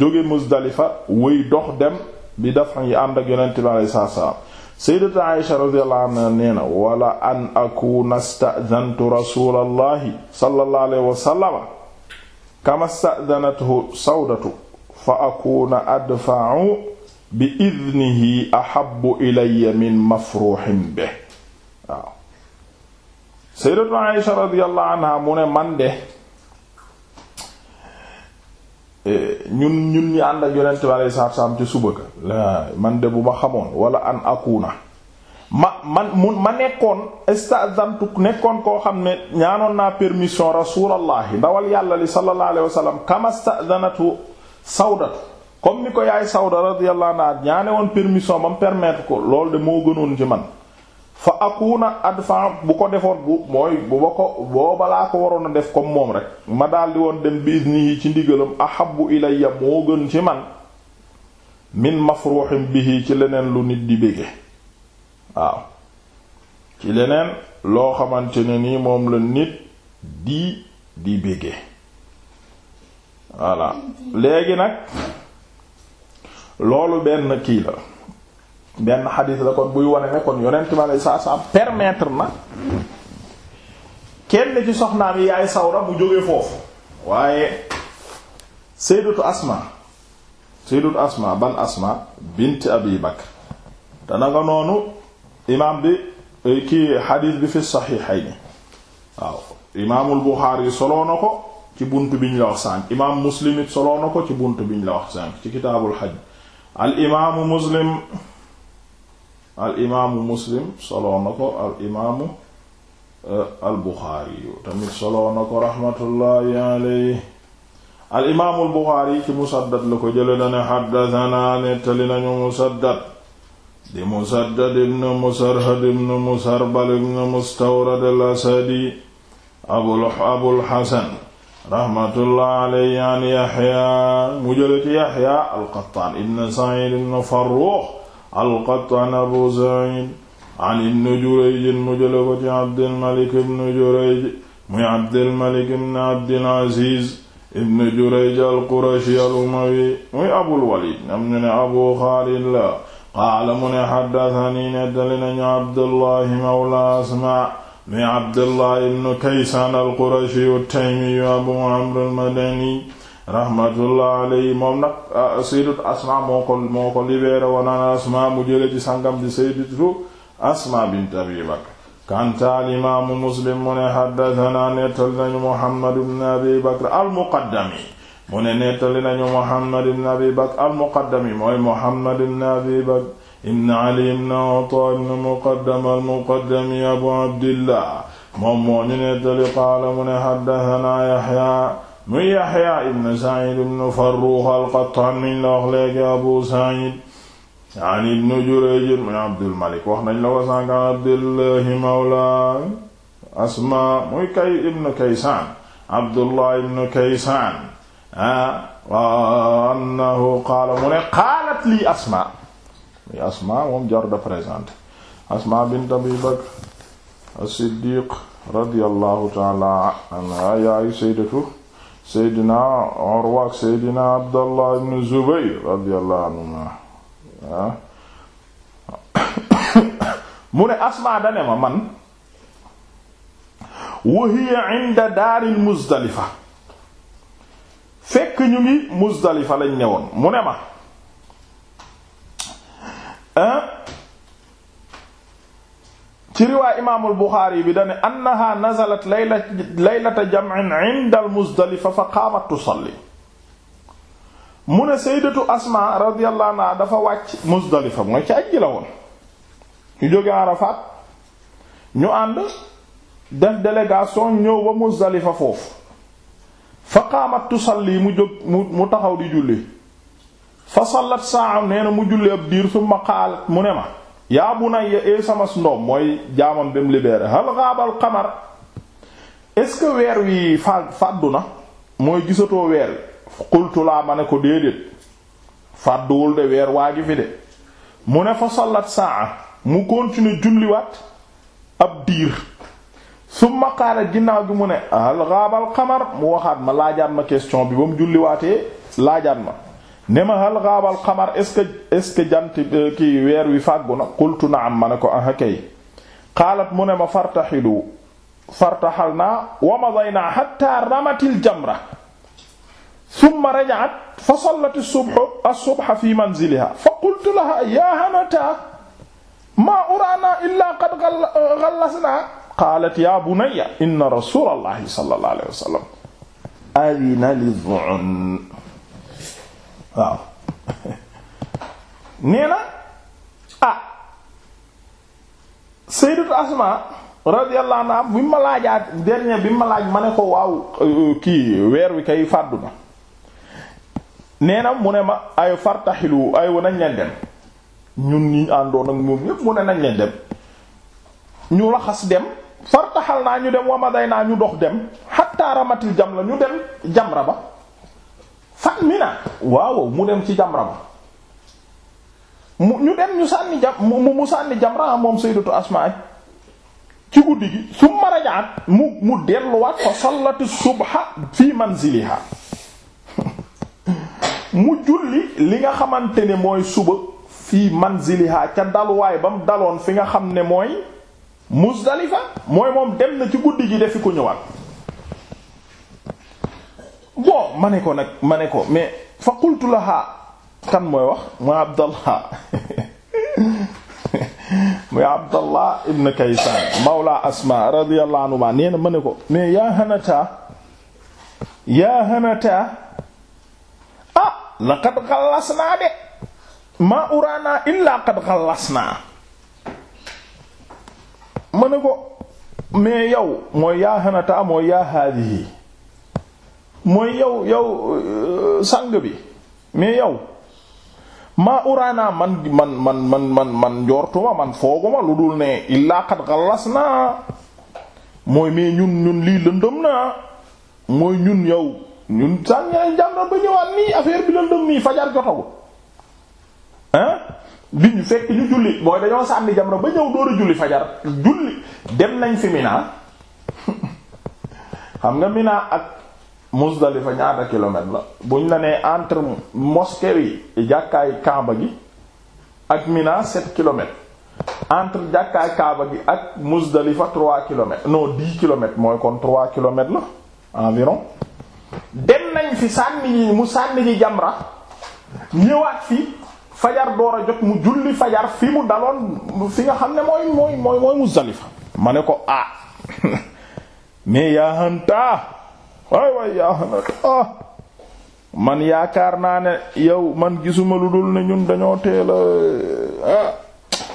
jóge Muzdalifa wëy dox dem bi dafa yi ànd ak yonent bi alayhi salaam sayyidatu Aisha radiyallahu anha nee na wala an akuna sta'dhantu rasulallahi sallallahu alayhi wa sallam kama sta'dhanathu sawdatu fa akuna adfa'u bi idnihi ahabbu ilayya min mafruhin bihi waaw sayyidatu Aisha radiyallahu anha mu ne man de Eh, ñun ñun ñu ànd ak yonent bi alei saatu salaam ci suba ka man de bu ma xamoon wala an akuna ma man mun ma nekkoon istazantu nekkoon koo xam ne ñaanoon naa permission rasulallahi ndawal yàlla li sallallahu alayhi wasallam kama stazanatu sawdatu comme ni ko yaay sawda radiyallahu anha ñaane woon permission ba mu permettre ko loolu de moo gënoon ci man fa akuna adfa bu ko defoon bu mooy bu ko booba laa ko waroon a def comme moom rek ma daldi woon dem bis nii ci ndigalam ahabbu ilayya moo gën ci man min mafruxin bihi ci leneen lu nit di bége waaw ci leneen loo xamante ne nii moom la nit di di bége voilà léegi nag loolu benn kii la benn xadis la kon buy wane ne kon yonent ma lay saa saa permettre na kenn ci soxnaam yi yaay sawra bu jógee foofu waaye sayyidatu asma sayyidatu asma ban asma bint abi bakr te nanga noonu imaam bi eh, kii xadis bi fi xay saxiixayni waaw imaamul buxaari soloo na ko ci bunt biñ la wax sànq imaam muslim it soloo na ko ci bunt biñ la wax sànq ci kitaabul xaj al imaamu muslim al imaamu muslim soloo na ko al imaamu eh, al buxaari yu tamit soloo na ko raxmatullahi alayhi al imaamu al buxaari ci musaddad la ko jële dane xaddatanaa nettali nañu musaddad di musaddad ibn musarhad ibn musarbal ibn mustawrad al asadi abul abul xasan raxmatullah alayhi an yaxya mu jële ci yaxya al qattaan ibn sa'id ibn farrux alqattaan abu sa'id an ibn jurayj mu jële ko ci abdilmalik ibn jurayj muy abdilmalik ibn abdilaziz ibn jurayj alqurashi alumawi muy abulwalid am ñu ne abu xaalid la qaala mu ne xaddatani nettali nañu abdullahi mawla asma muy abdullahi ibn kaysaan alqurashi at-taymi abu amr al-madani rahmatullah alayhi moom nag ah, sayyidatu asma moo ko moo ko libéré wanaan ah, asma mu jële ci sangam di sayyidatu asma bint abi bakr kantaal imaamu muslim mu ne xaddatanaa nettali nañu muhammad ibn abi bakr almuqaddami mu ne nettali nañu muhammad ibn abi bakr almuqaddami mooy muhammad ibn abi bakr ibn ali ibn ata ibn muqaddam almuqaddami abu abdillah moom moo ñu nettali qaala mu ne xaddatanaa yaxya muy yaxya ibn said ibn farrux alqattaan niñ la wax léegi abu said an ibnu jurayj muy abdulmalik wax nañ la ko sànkan abdullahi mawla asma muy kay ibnu kaysaan abdullah ibnu kaysaan annahu qaala mu ne qaalat lii asma muy asma moom jar de présente asma bint abi bakr as-siddiq radiyallahu ta'ala anha yaayu sayyidatu seydina Urwa ak seydina Abdallah ibn Zubayr radiyallahu ah. mu ne Asmaa dane ma man wa hiya inda daaril Muzdalifa fekk ñu ngi Muzdalifa lañ newoon mu ne ma ah, ci riwaay imaamul Buxaari bi dane annaha nazalat layla laylata jam'in 'inda al-Muzdalifa fa qaamat tusalli mu ne sayyidatu Asma radiyallahu anha dafa wàcc Muzdalifa mooy ci ajji la woon ñu jóge Arafat ñu ànd def délégation ñëw ba Muzdalifa foofu fa qaamat tusalli mu jóg mu taxaw di julli fa sallat sa'a nee na mu julli ab diir summa qaalat mu ne ma yaa bunayya ee eh, sama ndoom mooy jaamam ba mu libéré hal ghaaba al qamar ce que weer wi fa fàddu na mooy gisatoo weer wi qultu laa ma ne ko déedéet fàdduwul de weer waa gi fi de mu ne fa sallat saa mu continuer julliwaat ab diir summa qaalat ginnaaw gi mu ne hal ghaaba al mu waxaat ma laajaat ma question bi ba mu julliwaatee laajaat ma ne ma hal gaabal xamar est-ce que est-ce que jant euh, ki weer wi fàggu na qultu na'am ma ne ko aha kay qaalat mu ne ma fartaxilu fartaxal naa wa madaynaa hatta ramatil jamra summa raja'at fa sallat as-subha as-subha fi manziliha fa qultu laha ya hamata ma urana illa qad ghallasna qaalat ya bunayya inna rasulallahi sallallahu alayhi wa sallam adina lidhu'n waaw nee na ah sayyidatu Asma radiyallahu anha bi ma laajaat bi ma laaj ma ne ko waaw euh, kii weer wi kay fàddu na nee mu ne ma ay fartaxilu ay nañ leen dem ñun ñi àndoon ak moom ñépp mu ne nañ leen dem ñu laxas dem fartaxal naa ñu dem wamaday naa ñu dox dem xatta ramatil jam la ñu dem jamra ba fan na waaw mu dem ci jamra mu ñu dem ñu sànni jam mu mu sànni jamra moom sayyidatu asmaa ci guddi gi su marajaat mu mu delluwaat fa sallatu subha fi manziliha mu julli li nga xamante ne mooy suba fii manziliha ca dalwaay ba mu daloon fi nga xam ne mooy Muzdalifa mooy moom dem na ci guddi gi defi ko ñëwaat bon ma ko nag ma ne ko mais fa qultu laha kan mooy wax mu abdallah muy abdallah ibn kaysan mawla asma radiyallahu anhuma nee na ma ko mais yaa hanata yaa hanata ah xallasnaa de ma urana illa qad xallasnaa ma ko mais yow mooy yaa mooy yaa mooy yow yow euh, sang bi mais yow maa uraana man man man man man man man fooguma lu dul ne illaa qad ghallasna mooy mais ñun ñun lii lëndëm naa mooy ñun yow ñun sànni nañ jàmm ba ñëwaat nii affaire bi lëndëm nii fajar jotagu ah bi ñu fekk ñu julli mooy dañoo sànni jamra ba ñëw door a julli fajar julli dem nañ fi Mina xam nga Mina ak Muzdalifa ñaata kilomètre la buñ la nee entre mosquée yi jàkkaay Kaaba gi ak Mina sept kilomètres entre jàkkaay Kaaba gi ak Muzdalifa trois kilomètres non dix kilomètres mooy kon trois kilomètres la environ dem nañ fi sànni yi mu sànni yi jamra ñëwaat fi fajar door a jot mu julli fajar fi mu daloon fi nga xam ne mooy mooy mooy mooy ma ne ko ah mais yaa hanta waay waay yaa Ahmad man yaakaar naa ne yow man gisuma lu dul ne ñun dañoo teel ah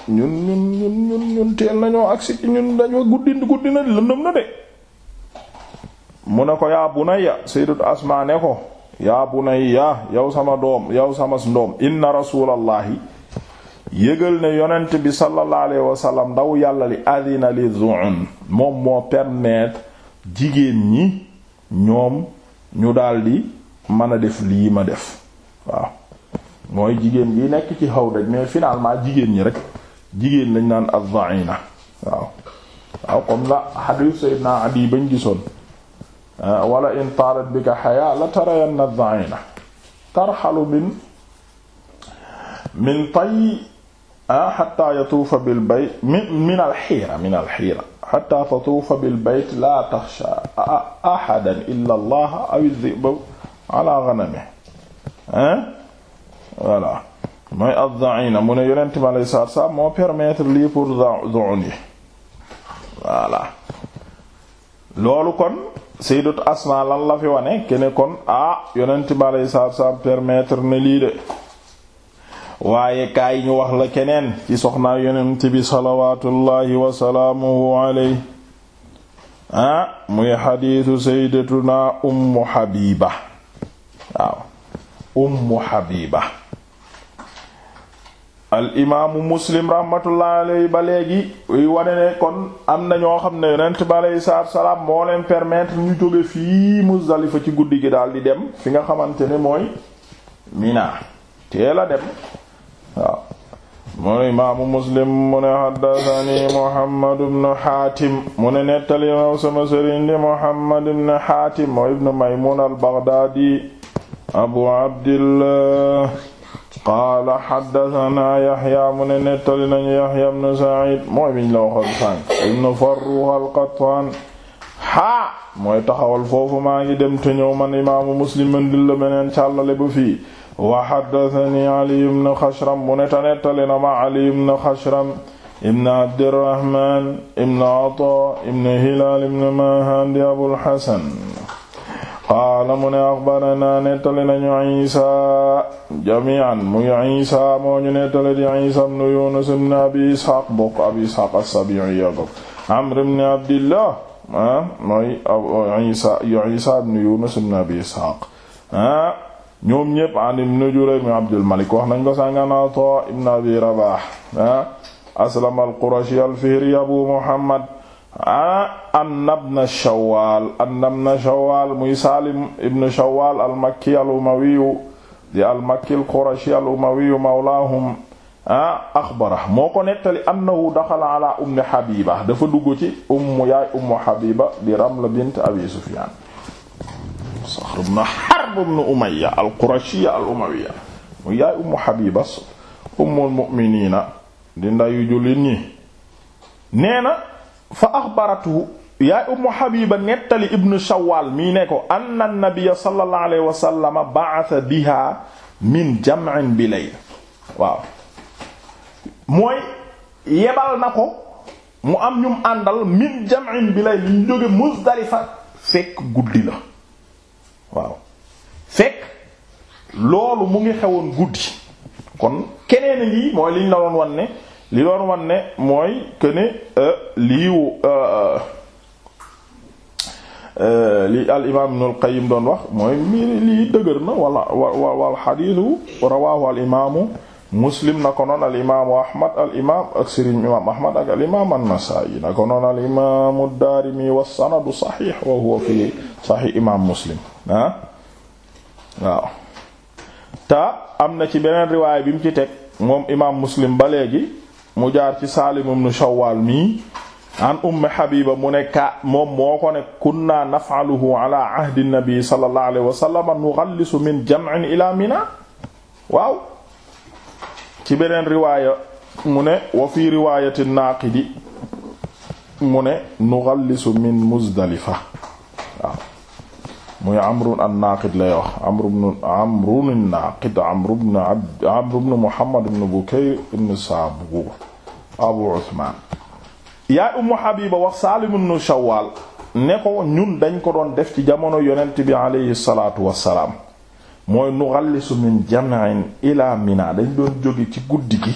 ñun ñun ñun ñun teel nañoo agsi ñun dañoo guddi guddi na lëndëm na de mu ne ko yaa bunayya sayyidatu Asmaa ne ko yaa bunayya yow sama doom yow sama ndoom inna rasulallahi yëgal ne yonent bi sallallahu alayhi wa ndaw yàlla li adina li zu'un moom moo permettre jigéen ñi ñoom ñu daldi mën a def lii ma def waaw mooy jigéen gi nekk ci xaw daj mais finalement jigéen ñi rek jigéen lañ naan az-za'ina waaw waaw comme la hadith sayyidina Adi bañ gisoon ah, wala in talat bika haya la tarayanna az-za'ina tarhalu min min tay ah, hatta yatufa bil bay min al-hira min al-hira xatta tatuufa bil bayt laa taxsha ahadan illa allah aw dhiba ala ghanami hein voilà mooy ad-da'ina mu ne yonent mi alayhi salaatu salaam moo permettre lii pour doon yi loolu kon sayyidatu Asma lan la fi wane kene kon ah yonent mi alayhi salaatu salaam ne lii de waaye kaay ñu wax la keneen ci soxnaa yonent bi salawaatullaahi wa salaamuhu alayhi ah muy xadiisu sayyidatuna ummu habiba waaw ummu habiba al imaamu muslim rahmatullah ba léegi wane ne kon am na ñoo xam ne yonent bi alayhi salaatu salaam moo leen permettre ñu jóge fii Muzdalifa ci guddi gi daal di dem fi nga xamante ne mooy Mina teel a dem waaw mu ne imaamu muslim mu ne xaddatani muhammad ibnu xaatim mu ne nettali moom sama sëriñ di muhammad ibnu xaatim moo ibnu maymun abu abdillah qaala xaddatana yaxya mu ne nettali nañu yaxya ibnu said mooy biñ la waxoon sànq ibnu farrux al taxawal foofu maa ngi dem te ñëw imaamu muslim mën dil la beneen càllale bu fii wa xaddatani ali ibn xashram mu neta nettali na ma ali ibn xashram ibn abdirahman ibn ata ibn hilal ibn mahan di abulxasan qaala mu ne axbarana nettali nañu isa jamian mu ngi isa moo ñu nettali di isa ibn yunus ibn abi ishaq bokk abi ishaq as-sabi'i yabok amr ibn abdillah ah, mooy isa isa ibn yunus ibn abi ishaq ah. ñoom ñépp an ibn Jurayj mu Abdul Malik wax nañ ko sàngan Ataa ibn Abi Rabaah Aslam al-Qurashi al-Fihri Abu Muhammad anna ibn Shawwal anna ibn Shawwal muy Salim ibn Shawwal al-Makki al-Umawi di al-Makki al-Qurashi al-Umawi mawlaahum axbara moo ko nettali annahu daxala ala dugg ci ummu yaay Ummu di Ramla bint Abi Sufyan Saxr ibn Harb ibn Umayya al-Qurashiyya al-Umawiyya yaay Ummu Habiba ummul mu'miniina di ndayu jullit ñi nee na fa axbaratu yaay Ummu Habiba nettali Ibn Shawwal mii ne ko anna an-nabiyya sallallahu alayhi wa sallam biha min jam'in bi layl waaw mooy yebal na ko mu am ñum àndal min jam'in bi layl ñu jóge Muzdalifa fekk guddi la waaw fekk loolu mu ngi xewoon guddi kon keneen a ngi mooy liñ la doon wan li doon wan mooy que euh, lii euh, euh, li al imaam Ibnul Qayyim doon wax mooy mbir dëgër na wala wa wal al imaamu Muslim na ko al imaamu Ahmad al imaam ak sëriñ imaam Ahmad al imaam An-Nasaa'i na ko noon al Daarimi wa sanadu saxiix wa huwa fi imaam Muslim. ah waaw am na ci beneen riwaay bi mu ci teg moom imaam muslim ba léegi mu jaar ci Saalim ibn Shawwal mii an ummi Habiba mu ne ka moom moo ko ne kunna naf'aluhu ala ahdi nabi sallallahu alayhi wa sallam nughallisu min jam'in ila Mina waaw ci beneen riwaaya mu ne wa fi riwaayati naaqidi mu ne nughallisu min Muzdalifa waaw muy amrun an-Naaqid lay wax amru bnu amrun an-Naaqid amru Abu Usmaan yaay Ummu Habiba wax Saalim bnu Shawwaal ne ñun dañ ko doon def ci jamono yonent bi alayhi salaatu wassalaam mooy nuxallisu min jam'in ila Mina dañ doon jóge ci guddi gi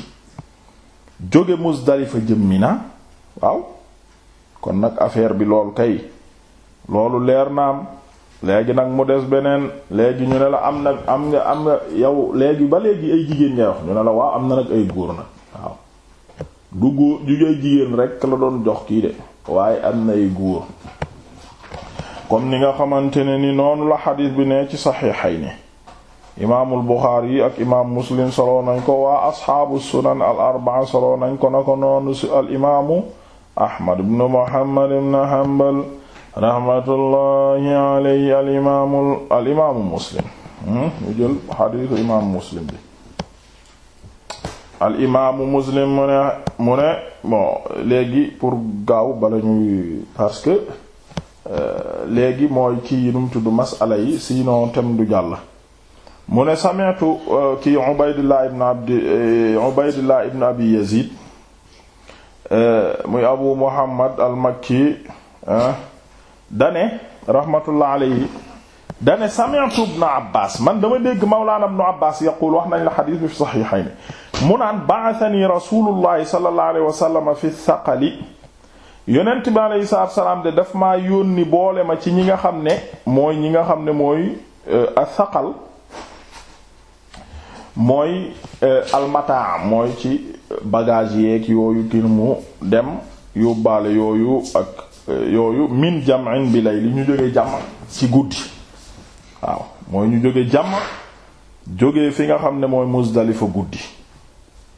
jóge Muzdalifa jëm Mina waaw kon nag affaire bi loolu kay loolu leer naam léegi nag mu des beneen léegi ñu ne la am nag am nga am nga yow léegi ba léegi ay jigéen ngay wax ñu ne la waaw am na nag ay góor nag waaw du góor jugee jigéen rekk la doon jox kii de waaye am na ay góor comme ni nga xamante ne ni noonu la xadiis bi ne ci saxiixayni imaamul buxaari yi ak imaam muslim soloo nañ ko waa asxaabu sunan al arbaa soloo nañ ko na ko noonu si al imaamu ahmad ibnu muhammad ibnu hanbal rahmatullahi alayhi al imaamu al imaamu muslim mu hmm? jël xadiisu imaamu muslim bi al imaamu muslim mu ne mu ne bon léegi pour gaaw bala ñuy parce que euh, léegi mooy kii yi mu tudd masala yi sinon tem du jàll mu ne sami'tu euh, kii Ubaydullah ibn Abdi euh, Ubaydullah ibn Abi Yazid muy Abu Muhammad al-Makki dane rahmatullah alayhi dane sami'tu ibn abbas man dama dégg mawlana ibn abbas yaqul wax nañ la xadis bi fi saxiixayn mu naan ba'athani rasulullahi sallallahu alayhi wa sallam fi thaqali yonent bi alayhi salaatu salaam de daf maa yónni boole ma ci ñi nga xam ne mooy ñi nga xam ne mooy euh, athaqal mooy euh, almataa mooy ci bagage yeeg yooyu ngir mu dem yóbbaale yooyu ak Euh, yooyu min jam'in bi lay li ñu jóge jàmm ci guddi waaw mooy ñu jóge jàmm jóge fi nga xam ne mooy Muzdalifa guddi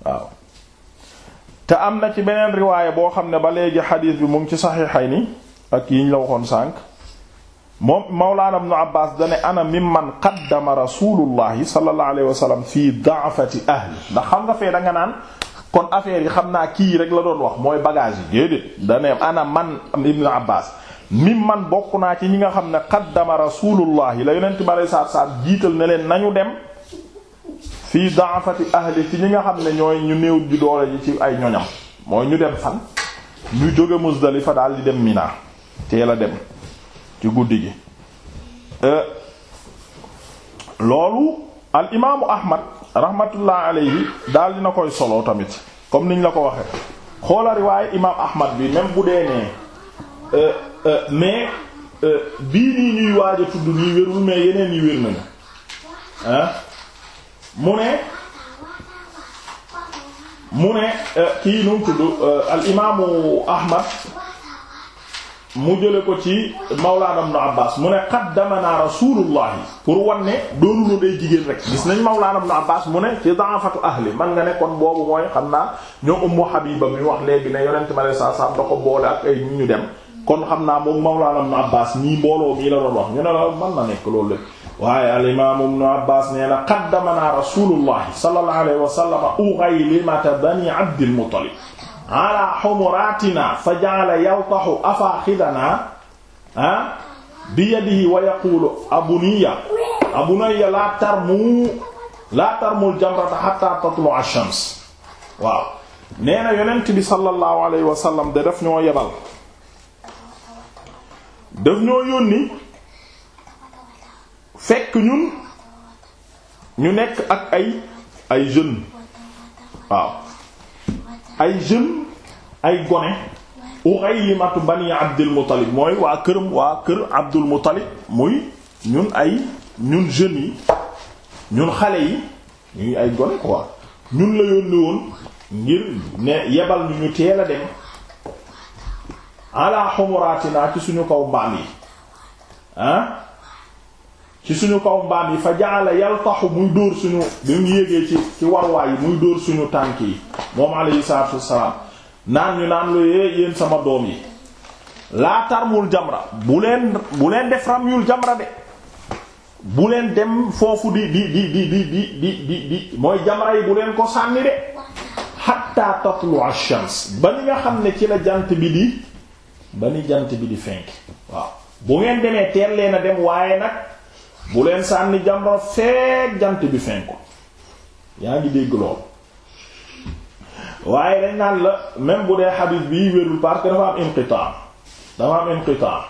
waaw te am na ci beneen riwaaya boo xam ne ba léegi xadiis bi mu ngi ci Saxiixayni ak yiñ la waxoon sànq moom Mawlaana Ibnu Abbaas dane ana mimman qaddama rasuulullahi sallallahu alayhi wa sallam fii da'fati ahli ndax xam nga fee danga naan kon affaire yi xam naa kii rek la doon wax mooy bagage yi déedéet daneem ana man ibnu abbas mi man bokk naa ci ñi nga xam ne qaddama rasulullahi la yonent bi alei saatu salaam jiital ne leen nañu dem fii daafati ahli ci ñi nga xam ne ñooy ñu néew ju doole ji ci ay ñoñam mooy ñu dem fan ñu jóge Muzdalifa daal di dem Mina tee a dem ci guddi gi euh, loolu al imaamu Ahmad rahmatullah alayhi daal na koy solo tamit comme niñ la ko waxee xoola riwaaye imaam ahmad bi même bu dee nee euh, euh, mais euh, bii nii ñuy waaj a tudd nii mais yeneen yi wér nañu ah mu ne mu ne kii nu tudd al imaamu ahmad mu jële ko ci Mawlaana Ibn Abbaas mu ne qaddamanaa rasuulullahi pour wan ne doonu loolu day jigéen rek gis nañ Mawlaana Ibn Abbaas mu ne ci daafatu ahli man nga ne kon boobu mooy xam naa ñoom Ummu Habiba mi wax léegi ne yonent ma lay saa da ko boole ak ñu ñu dem kon xam naa moom Mawlaana Ibn Abbaas nii mbooloo mii la doon wax ñu ne la man na nekk loolu waaye al imaam Ibn Abbaas nee na qaddamanaa rasuulullahi sallallahu alayhi wa sallam ughaylimata bani Abdil Muttalib ala humuratina fa ja'ala yawtahu afaaxidanaa ah bi yadihi wa yaqulu abuniya abuniya laa tarmu laa tarmul jamrata hatta tatlu'a ash-shams waaw nee na yonent bi sallallahu alayhi wa sallam de daf ñoo yebal daf ñoo yónni fekk ñun ñu nekk ak ay ay jeunes waaw ay jeunes ay gone Ughaylimatu bani Abdul Muttalib mooy waa këram kër Abdul Muttalib muy ñun ay ñun jeunes yi ñun xale yi ñuy ay gone quoi ñun la yónni woon ngir ne yebal ñu ñu teel a dem ala xumuraatinaa ci suñu kaw mbaam yi ah ci suñu kaw mbaam yi fa jaala yaltaxu muy dóor suñu bi mu yéegee ci ci yi muy dóor suñu tànk yi moom alayhi salaatu wassalaam naan ñu naan lu yee eh, yéen sama doom yi laa tarmul jamra bu leen bu leen def ramyul jamra de bu leen dem foofu di di di di di di di mooy jamra yi bu leen ko sànni de hatta tatlu ash-shams ba ni nga xam ne ci la jant bi di ba ni jant bi di fenk waaw bu ngeen demee teel leen a dem waaye nag bu leen sànni jamra feek jant bi fenk yaa ngi dégg lool waaye dañ naan la même bu dee xadiis bii wérul parce que dafa am inqitaa dafa am inqitaa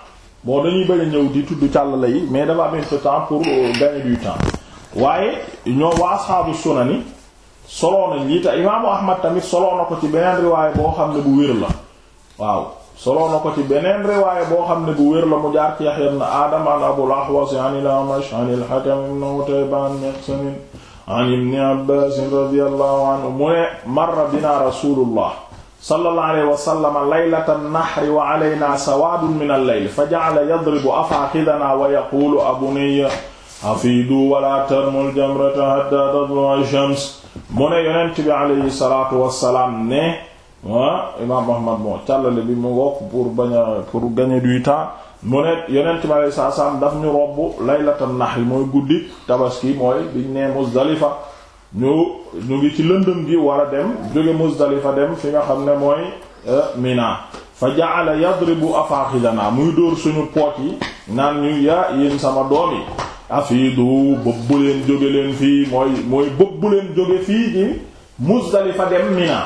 bon dañuy bëgg ñëw di tudd càllala yi mais dafa am inqitaa pour gagner du temps waaye ñoo waa ashaabu sunani soloo nañ lii te imaamu ahmad tamit soloo na ko ci beneen riwaay boo xam ne bu wér la waaw soloo na ko ci beneen riwaay boo xam ne bu wér la mu jaar ci yaxya ibn adam an abul ahwas an al amash an al hakam ibn utayba an mihsan an ibni abbasin radiyallahu anhu mu ne marra bina rasulullah sallallahu alayhi wa sallam laylata nahri wa alayna sawaadun min al-layl fa ja'ala yadribu afaaxidana wa yaqulu abuniyya afiidu wa laa tarmul jamrata hatta tatlu'a ash-shams mu ne yonent bi alayhi salaatu wassalaam ne wa ah, imaam ahmad moo càllale bi mu wokk pour bañ a pour gagner du temps mu ne yonent bi alei saa salaam daf ñu robb laylatan nahr yi mooy guddi tabaski mooy biñ nee Muzdalifa ñu ñu ngi ci lëndëm gi war a dem jóge Muzdalifa dem fi nga xam ne mooy euh, Mina fa ja'ala yadribu afaxidana muy dóor suñu poot yi naan ñu yaa yéen sama doom yi afiidu bëbb leen jóge leen fii mooy mooy bëbb leen jóge fii ci Muzdalifa dem Mina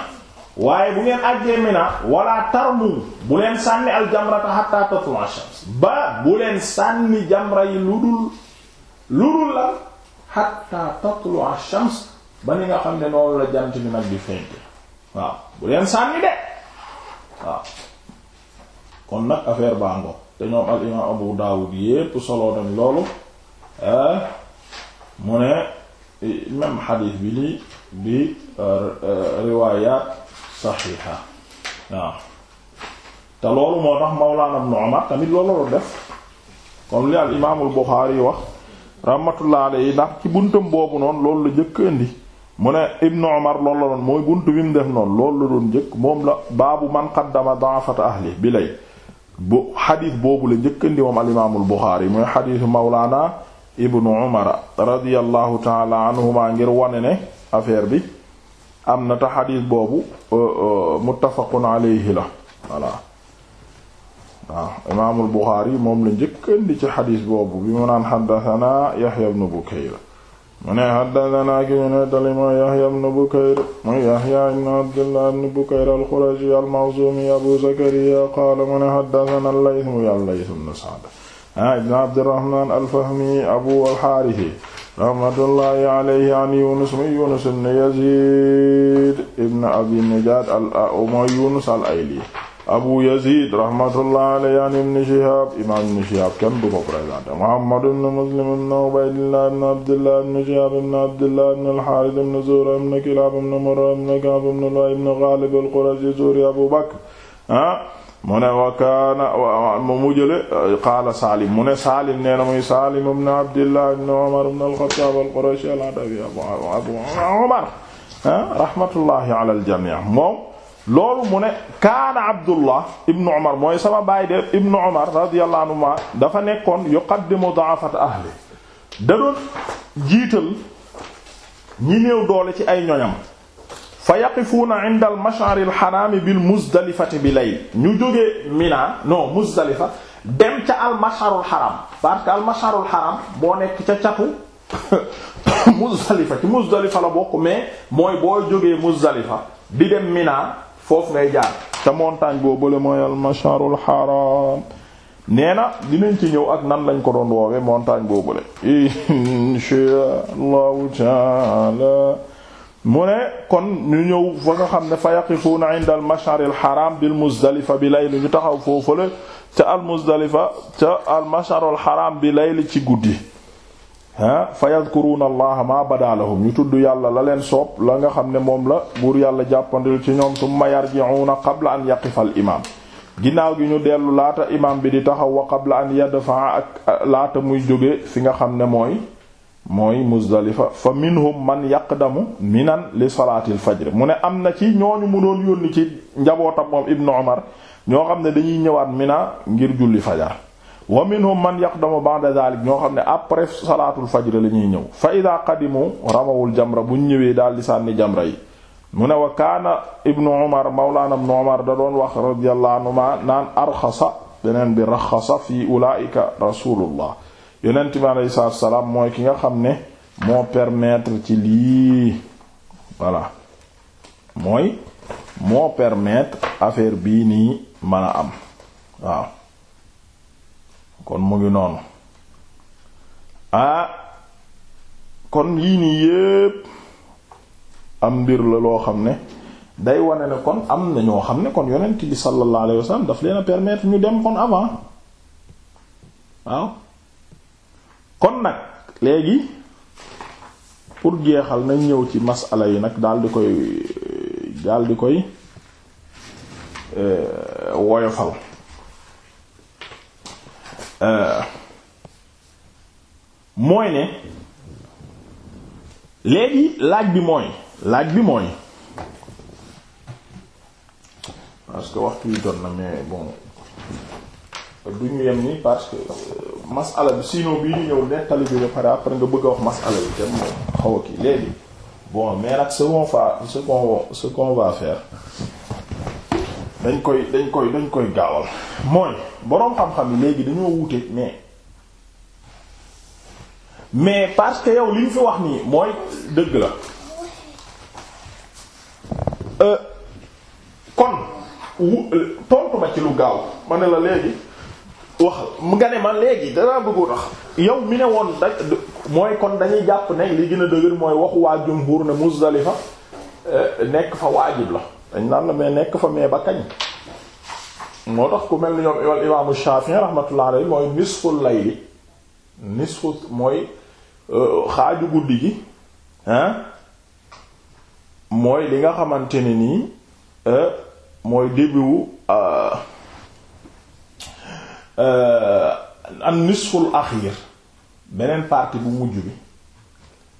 waaye bu ngeen àjjee Mina wala tarmu bu leen sànni aljamrata hatta tatlu'a shams ba bu leen sànni jamra yi lu dul lu dul la hatta tatlu'a shams ba ni nga xam ne noonu la jant bi nag di fenk waaw bu leen sànni de waaw kon nag affaire baa ngo te ñoom al imaam Abu Dawud yépp solo nañ loolu eh, mu ne même xadiis bi lii bi eh, riwaayaat saxiixa waaw te loolu moo tax Mawlana Ibn Umar tamit loolu la def comme li al imaamul Buxaari yi wax rahmatullah alayhi ndax ci buntam boobu noonu loolu la jëkk mu ne Ibn Umar loolu la doon bi mu def noonu loolu la jëkk moom la baabu man qaddama da'fata ahli bi lay bu xadiis boobu la njëkk moom al imaamul Buxaari mooy xadiisu Mawlana Ibn Umar radiyallahu taala anhuma ngir wane ne affaire bi. am na te xadiis boobu euh, euh, muttafaqun alayhi la voilà waaw imaamul Buxaari moom la njëkk indi ci xadiis boobu bi mu naan xaddatanaa Yaxya ibnu Bukayr mu ne xaddatanaa ki ñu nettali mooy Yaxya ibnu Bukayr mooy Yaxya ibnu Abdullah ibnu Bukayr al-Xurashi al-Maxzuumi Abu Zakariya qaala mu ne xaddatanaa al-Layth mu Layth ibnu Sa'd ah, ibnu Abdirahmaan al-Fahmi Abu al-Haarisi rahmatullahi alayhi an Yunus muy Yunus ibn Yazid ibn Abi Najjad mooy Yunus al-Ayli Abu Yazid rahmatullahi alayhi an Ibn Shihab imam Ibn Shihab kenn du ko présenté Muhammad ibn Muslim ibn Ubaydillah ibn Abdillah ibn Shihab ibn Abdillah ibn al-Harith ibn Zuhra ibn Kilab ibn Murra ibn Ka'b ibn Lu'ay ibn Ghalib al-Qurashi Zuhri Abu Bakr ah mu ne wa kaana mu jële qaala Saalim mu ne Saalim nee na muy Saalim ibn Abdillah ibn Umar ibn al-Khattab al-Qurashi al-Adawi Abu Umar rahmatullahi ala al-jamii moom loolu mu ne kaana Abdullah ibn Umar mooy sama baay de ibn Umar radiyallahu anhuma dafa nekkoon yuqaddimu da'afat ahli da doon jiital ñi néew doole ci ay ñoñam fa yaqifuuna inda al mash'ar al haram bil muzdalifati bi lay ñu jógee Mina non Muzdalifa dem ca al mash'ar al haram parce que al mash'ar al haram boo nekk ca catu Muzdalifa ci Muzdalifa la bokk mais mooy boo jógee Muzdalifa di dem Mina foofu ngay jaar te montagne boobu la mooy al mash'ar al haram nee na dinañ ci ñëw ak nan lañ ko doon woowe montagne boobu la insha Allahu ta'ala mu ne kon ñu ñëw fa nga xam ne fa yaqifuuna inda al mashar al haram bil muzdalifa bi layli ñu taxaw foofale ca al muzdalifa ca al mashar al haram bi layli ci guddi ah fa yadkuruuna allaha ma badaalahum ñu tudd yàlla la leen soob la nga xam ne moom la buur yàlla jàppandil ci ñoom summa yarji'uuna qabla an yaqifa al imaam ginnaaw gi ñu dellu laata imaam bi di taxaw wa qabla an yadfa ak laata muy jóge fi nga xam ne mooy mooy Muzdalifa fa minhum man yaqdamu minan li salaatil fajr mu ne am na ci ñooñu mu doon yónni ci njabootam moom Ibnu Umar ñoo xam ne dañuy ñëwaat mina ngir julli fajar wa minhum man yaqdamu ba'da dhalik ñoo xam ne après salaatul fajr la ñuy ñëw fa ida qadimu ramawul jamra bu ñu ñëwee daal di sànni jamra yi mu ne wa kaana Ibnu Umar mawlaana Ibnu Umar da doon wax radiyallahu anhuma naan arxasa beneen bi raxasa fi ulaa'ika rasulullah yonent bi aleyhi salaatu salaam mooy ki nga xam ne moo permettre ci lii voilà mooy moo permettre affaire bii nii mën a am waaw kon mu ngi noonu ah kon lii nii yépp am mbir la loo xam ne day wane ne kon am na ñoo xam ne kon yonent bi sallallahu alayhi wasallam daf leen a permettre ñu dem kon avant waaw kon nag léegi pour jeexal nañ ñëw ci masala yi nag daal koy daldi koy euh, woyofal euh, mooy ne léegi laaj bi mooy laaj bi mooy parce que waxtu wi jot na mais bon du yem ni parce que euh, masala bi sinon bi ñu ñëw nettali bi ba pare après nga bëgg a wax masala bi dem moom xaw a kii léegi bon mais nag ce fa va ce qu'on dañ koy dañ koy dañ koy gaawal mooy boroom xam-xam yi léegi dañoo wuute mais mais parce que yow li ñu fi wax nii mooy dëgg la euh, kon pont euh, ba ci lu gaaw ma ne la léegi wax nga ne ma léegi danaa bëggoon wax yow mi ne woon da mooy kon dañuy jàpp ne li gën a dëgër mooy waxu waa jumhur ne Muzdalifa eh, nekk fa waajib la dañ naan la mais nekk fa mais ba kañ moo tax ku mel ni ñoom wal imaamu Shafi'i rahmatullah alayhi mooy nisful layli nisfu mooy eh, xaaju guddi gi mooy li nga xamante ni nii eh, mooy début ah, Euh, an nisful axir beneen partie bu mujj bi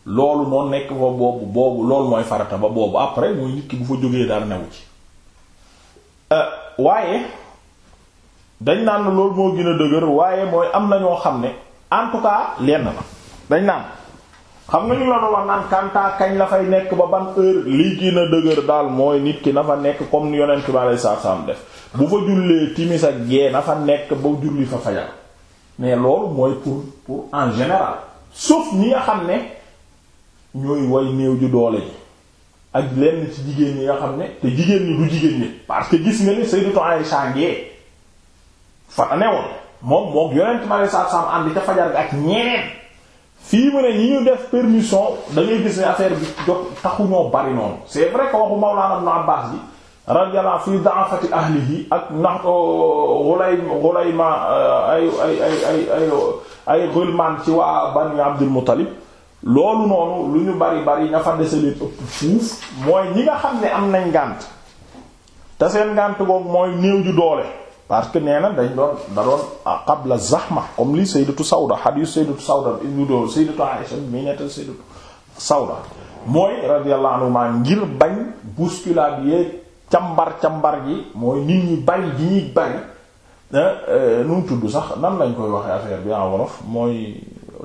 loolu noonu nekk fa boobu boobu loolu mooy farata ba boobu après mooy nit ki bu fa jógee daal new ci euh, waaye dañ naan la loolu moo gën a dëgër waaye mooy am na ñoo xam ne en tout cas lenn la dañ naan xam nga ñu la doon wax naan kantaa kañ la fay nekk ba ban heure li gën a dëgër daal mooy nit ki na fa nekk comme ni yonent bi alayhi salaam def bu fa jullee timis ak gee na fa nekk ba julli fa fajar mais loolu mooy pour pour en général sauf ñi nga xam ne ñooy way néew ju doole ji ak lenn ci jigéen ñi nga xam ne te jigéen ñi du jigéen ñi parce que gis nga ni Sayyidatu Aisha gee fa newoon moom mook yonent mi alei satu salaam àndi ca fajar gi ak ñeneen fii mu ne ñi ñu def permission da ngay gis ne affaire bi jot taxuñoo bari noonu c'est vrai que waxu Mawlana Ibn Abbas bi radiyallahu fi da'afati ahlihi ak ndax xulay xulay ma ay ay ay ay ay ay gulmaan ci waa bani Abdul Muttalib loolu noonu lu ñu bari bari ña fa dese leen ëpp fuuf mooy ñi nga xam ne am nañ ngànt te seen ngànt googu mooy néew ju doole parce que nee na dañ doon da doon ah, qabla zahma comme li sayyidatu Sawda hadith sayyidatu Sawda ibnu doon sayyidatu Aisha mi netta sayyidatu Sawda mooy radiyallahu anhuma ngir bañ bousculade yeeg cambar cambar gi mooy nit ñi bari gi ñuy bari eh, eh, nu mu tudd sax nan lañ koy waxee affaire bi en wolof mooy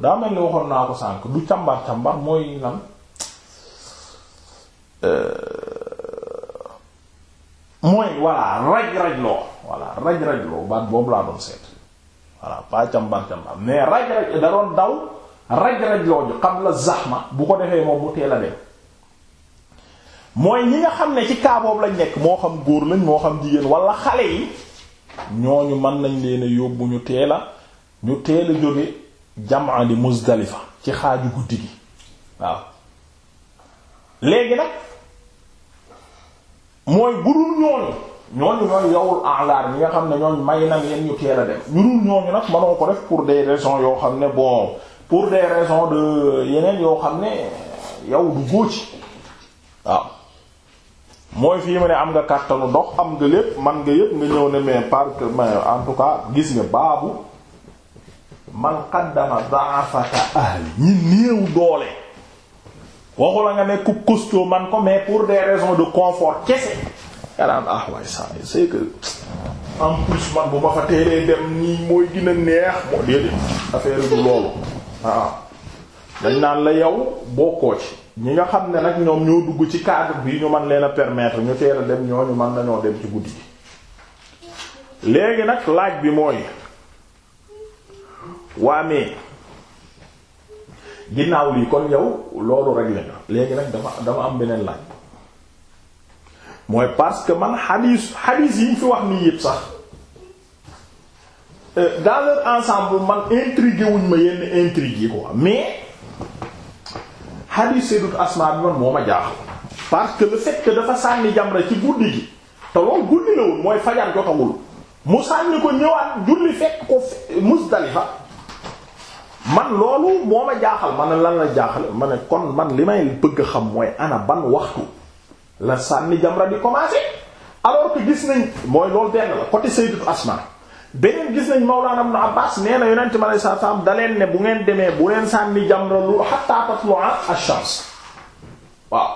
daa mel ni waxoon naa ko sànk du cambar cambar mooy lan eh, mooy voilà raj raj loo voilà raj raj loo baat boobu laa doon seet voilà pas cambar cambar mais raj raj da doon daw raj raj loo ju qabla zahma bu ko defee moom bu teel mooy ñi nga xam ne ci cas lañ nekk moo xam góor lañ moo xam jigéen wala xale yi ñooñu man nañ leen a yóbbu ñu teel a ñu teel a jóge jamaa di Muzdalifa ci xaaju guddi gi waaw léegi nag mooy budul ñooñu ñooñu ñooy yowul alaar ñi nga xam ne ñooñu may nañ leen ñu teel a dem ñu dul ñooñu nag mënoo ko def pour de raisons yoo xam ne bon pour des raisons de yeneen yoo xam ne yow du góor waaw. mooy fii mu ne am nga kàttanu ndox am nga lépp man nga yépp nga ñëw ne mais par en tout cas gis nga baabu man qaddama da'afata ahli ñi néew doole waxu la nga nekk costaud man ko mais pour des raisons de confort kese nga daan ah waay ça c'est que en plus man bu ma fa teelee dem nii mooy gën neex moo déedéet affaire du loolu waaw ah. dañ naan la yow bokkoo ci ñi nga xam ne nag ñoom ñoo dugg ci cadre bi ñu man leen a permettre ñu teel a dem ñooñu mën nañoo dem ci guddi gi léegi nag laaj bi mooy waa mais ginnaaw lii kon yow loolu réglé na léegi nag dama dama am beneen laaj mooy parce que man xadiis xadiis yi ñu fi wax nii yépp sax euh, daal leur ensemble man intrigué wuñ ma yenn intrigues yi quoi mais. hadith sayyidatu Asma bi man moo ma jaaxal parce que le fait dafa sànni jamra ci guddi gi te loolu guddi la woon mooy fajar jotawul mu sànni ko ñëwaat julli fekk ko Muzdalifa man loolu moo ma jaaxal ma na lan la jaaxal ma ne kon man li may bëgg a xam mooy ana ban waxtu la sànni jamra bi commencer alors que gis nañ mooy loolu benn la côté sayyidatu Asma beneen gis nañ Mawlaana Ibn Abbaas nee na yonent mi alayhi salaatu salaam da leen ne bu ngeen demee bu leen sànni jamra lu hatta tatlu'a ash-shams waaw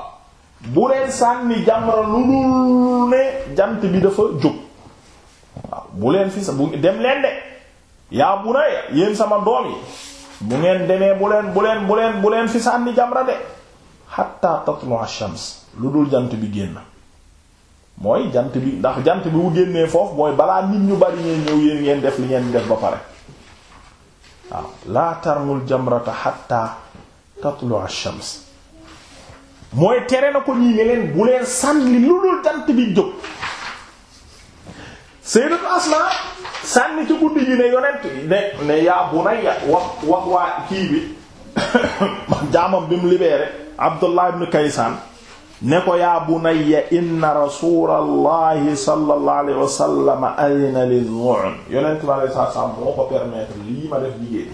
bu sànni jamra lu dul ne jant bi dafa jóg waaw bu leen fi sa bu dem leen de yaa bu nay yéen sama doom yi bu ngeen demee bu leen bu leen bu leen bu leen fi sànni jamra de hatta tatlu'a ash-shams lu dul jant bi génn. mooy jant bi ndax jant bi bu génnee foofu mooy balaa nit ñu bari ngeen ñëw yéen ngeen def li ngeen def ba pare waaw laa tarmul jamrata hatta tatlu shams mooy tere na ko ñii ne bu leen sànni lu dul jant bi jóg sayyidatu Asma sànni ci guddi gi ne yonent ne ne yaa wax wax waa kii bi jaamam bi mu libéré Abdullah ibn Kaysan ne ko yaa bunayya inna rasulallahi sallallahu alayhi wa sallam adina lil-zu'um yonent bi alayhi salaatu salaam moo ko permettre lii ma def liggéey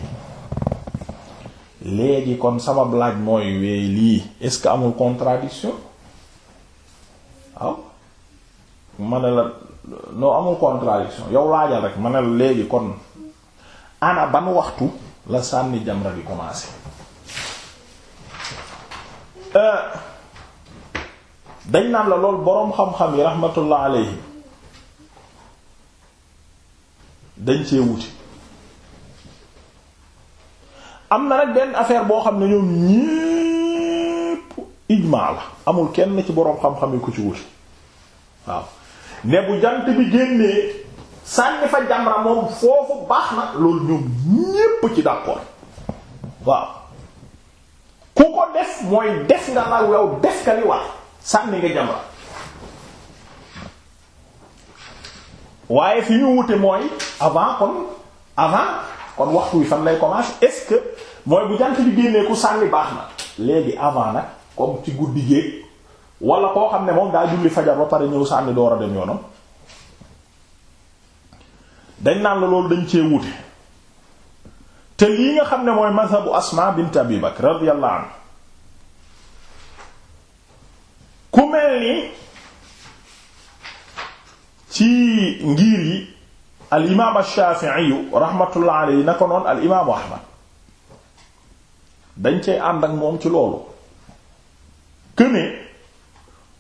léegi kon sama laaj mooy weey lii est-ce que amul contradiction waaw ma ne la noo amul contradiction yow laajal rek ma ne la léegi kon ana ban waxtu la sànni jamra bi commencé. Euh, dañ naan la lool boroom xam-xam yi rahmatullah alayhi dañ cee wuti am na nag benn affaire boo xam ne ñoom ñépp ijmaa la amul kenn ci boroom xam-xam yi ku ci wuti waaw ne bu jant bi génnee sànni fa jamra moom foofu baax na loolu ñoom ñépp ci d'accord waaw ku ko def mooy des nga law yow def ka li wax sànni nga jamra waaye fi ñu wute mooy avant kon avant kon waxtu wi fan lay commencer est-ce que mooy bu jant bi génnee ku sànni baax na léegi avant nag comme ci guddi géeg wala koo xam ne moom daa julli fajar ba pare ñëw sànni door a dem yoonam dañ naan la loolu dañ cee wute te lii nga xam ne mooy mazhabu Asma bint Abi Bakr radiyallahu anha ku mel ni ci ngir yi al imaam ash-Shafi'i rahmatullah alayhi na ko noon al imaamu Ahmad dañ cay ànd ak moom ci loolu këne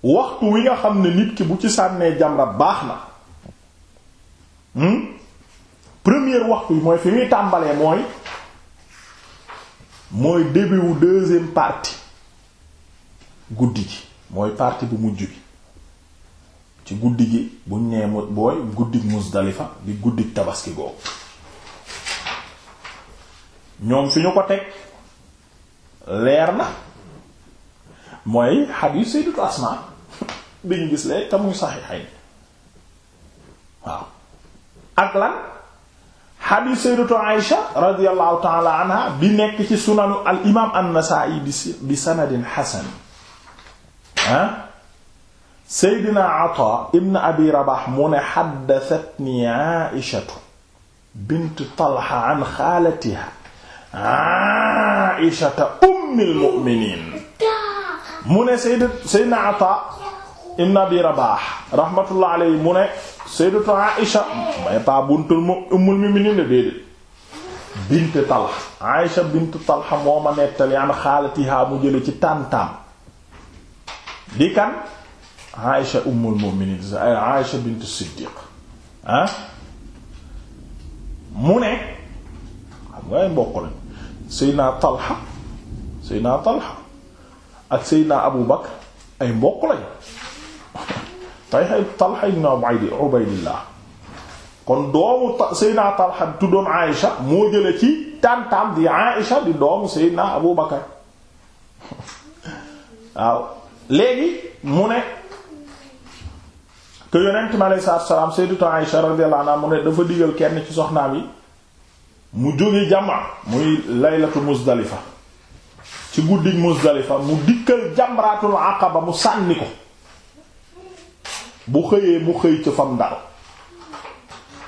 waxtu wi nga xam ne nit ki bu ci sànnee jamra baax na hmm? première waxtu bi mooy fi muy tàmbalee mooy mooy début wu deuxième partie guddi gi mooy partie bu mujj bi ci guddi gi buñ nee mu booy guddik Muzdalifa di guddi tabaski googu ñoom fi ñu ko teg leer na mooy hadith Sayyidatu Asma bi ñu gis lee te muy saxiixayn waaw ak lan hadith Sayyidatu Aïsha radiyallahu ta'ala anha bi nekk ci sunanu al imaam an-Nasa'i bi sanadin hasan ah Seydina Ataa ibn Abi Rabaah mu ne xaddasatni Aïshatu bint Talha an xaalatiha Aïshata ummil mu'miniin mu ne Seydina Ataa ibn Abi Rabaah rahmatullah alayhi mu ne Sayyidatu Aïsha may pa buntul ummul mu'miniin la déedéet bint Talha Aïsha bint Talha moo ma nettali an xaalatiha mu jële ci tàntaam di kan Aïcha ummul mu'minin Aïcha bint Siddiq ah mu ne xam nga ay mbokk lañ Seydina Talha Seydina Talha ak Seydina Abu Bakr ay mbokk lañ Talha Talha ibn Ubaydillah kon doomu Seydina Talha tuddoon Aïcha moo jële ci tantam di Aïcha di doomu Seydina Abu Bakr waaw léegi mu ne que yonent mi alayhi salaatu salaam sayyidatu Aisha radiyallahu anha mu ne dafa digal kenn ci soxnaam yi mu jóge jama muy laylatu Muzdalifa ci guddi Muzdalifa mu dikkal jamratul aqaba mu sànni ko bu xëyee mu xëy ca fam dara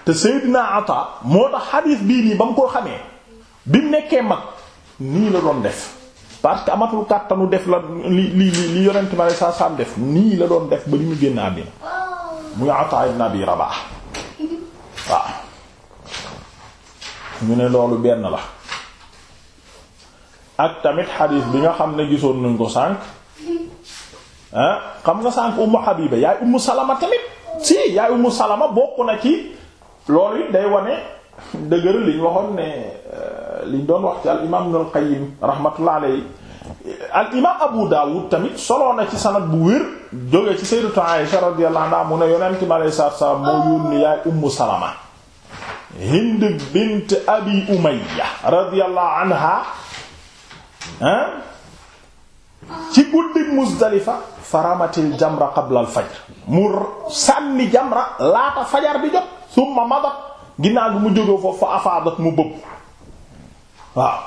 te Seydina Ata moo tax xadiis biir nii ba mu ko xamee bi mu nekkee mag nii la doon def parce que amatul kàttanu def la li li li yonent ma sa saam def nii la doon def ba li mu génn àddina muy Ataa ibn Abi Rabah waaw ñu ne loolu benn la ak tamit xadiis bi nga xam ne gisoon nañ ko sànq ah, xam nga sànq Ummu Habiba yaay Ummu Salama tamit si yaay Ummu Salama bokk na ci loolu it day wane dëgër li ñu ne li doon wax ci al imaam Ibnul Qayyim rahmatullah alayhi al imaam Abu Dawud tamit soloo na ci sanad bu wér jógee ci sayyidatu Aisha radiyallahu anha mu ne yonent mi alayhi salaatu salaam moo yaay Ummu Salama Hind bint Abi Umayya radiyallahu anha ah ci guddig Muzdalifa faramatil jamra qabla al fajr mu sànni jamra laata fajar bi jot summa madat ginnaaw bi mu jógee foofu fa afaadat mu bëbb waaw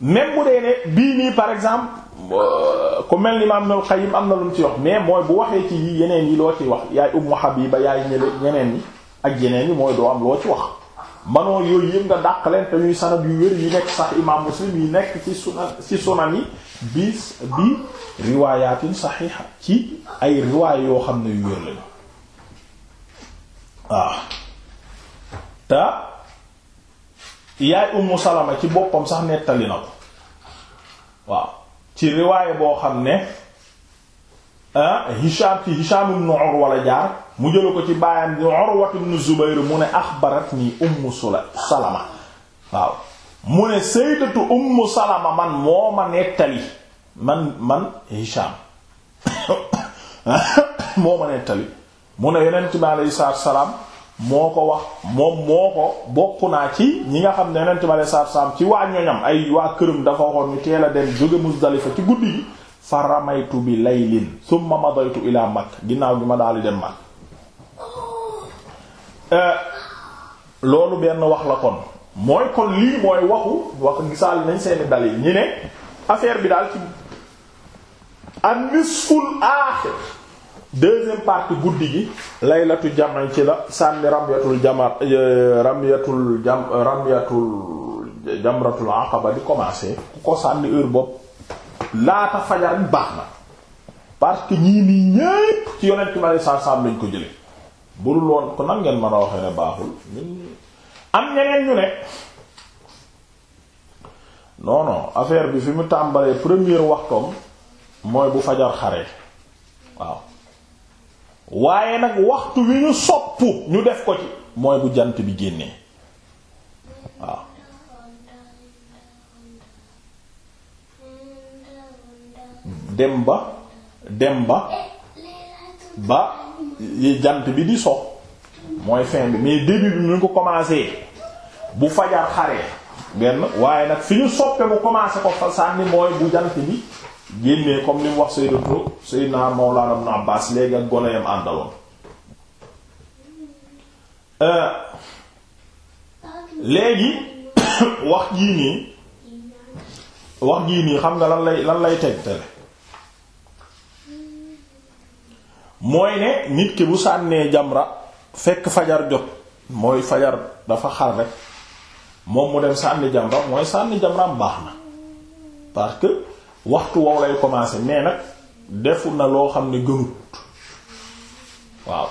même bu dee ne bii nii par exemple euh, ku mel ni Imaam am na lu mu ci wax mais mooy bu waxee ci yi yeneen yi loo ci wax yaay Ummu Habiba yaay ñële ñeneen yi ak yeneen yi mooy doo am loo ci wax manoo yooyu yëpp nga dàq leen te ñuy sanad yu wér yi nekk sax Imaam Muslim yi nekk ci sunan ci sunan yi bi bi riwaayatin saxiixa ci ay riwaay yoo xam ne yu wér lañu waaw te yaay ummu salama ci boppam sax nettali na ko waaw ci riwaaye boo xam ne ah, Hisham ci Hisham ibn Urwa la jaar mu jëla ko ci baayam di Urwa ibn Zubayr mu ne axbaratni ummu salama waaw mu ne sayyidatu ummu salama man moo ma nettali man man Hisham moo ma nettali mu ne yonent bi aleyhi salaatu salaam moo ko wax moom moo ko bokk naa ci ñi nga xam ne yonent bi aleyhi salaatu ci waa ñoñam ay waa këram dafa waxoon ñu teel a dem jóge Muzdalifa ci guddi gi fa ramaytu bi laylin summa madaytu ila Makka ginnaaw bi ma daal dem Makka eh, loolu benn wax la kon mooy kon lii mooy waxu wax gisaal nañ seeni dalil ñi ne affaire bi daal ci an nisful aaxir deuxième partie guddi gi laylatu jam'i ci la sànni ramyatul jamar euh, ramyatul jam ramyatul jamratul aqaba di commencé ku ko sànni heure bopp laata fajar baax na parce que ñii nii ñépp ci yonent ma lay sarsam lañ ko jële bu dul woon ko nan ngeen mën a waxee ne baaxul am ñeneen ñu ne non non bi fi mu tàmbalee première waxtoom mooy bu fajar xaree waaw waaye nag waxtu wi ñu sopp ñu def ko ci mooy bu jant bi génnee waaw dem ba dem ba ba jant bi di so mooy fin bi mais début bi ñu ko commencé bu fajar xare benn waaye nag fi ñu soppe bu commencé ko fa sànni mooy bu jant bi génnee comme li mu wax sayyidatu sayyidna Mawlana Ibn Abbas léegi ak gone yam euh, léegi wax jii nii wax jii nii xam nga lan lay lan lay tegtale mooy ne nit ki bu sànnee jamra fekk fajar jot mooy fajar dafa xar rek moom mu dem sànni jamra mooy sànni jamraam baax na parce que waxtu wow lay commencer mais nag defu na loo xam ne gënut waaw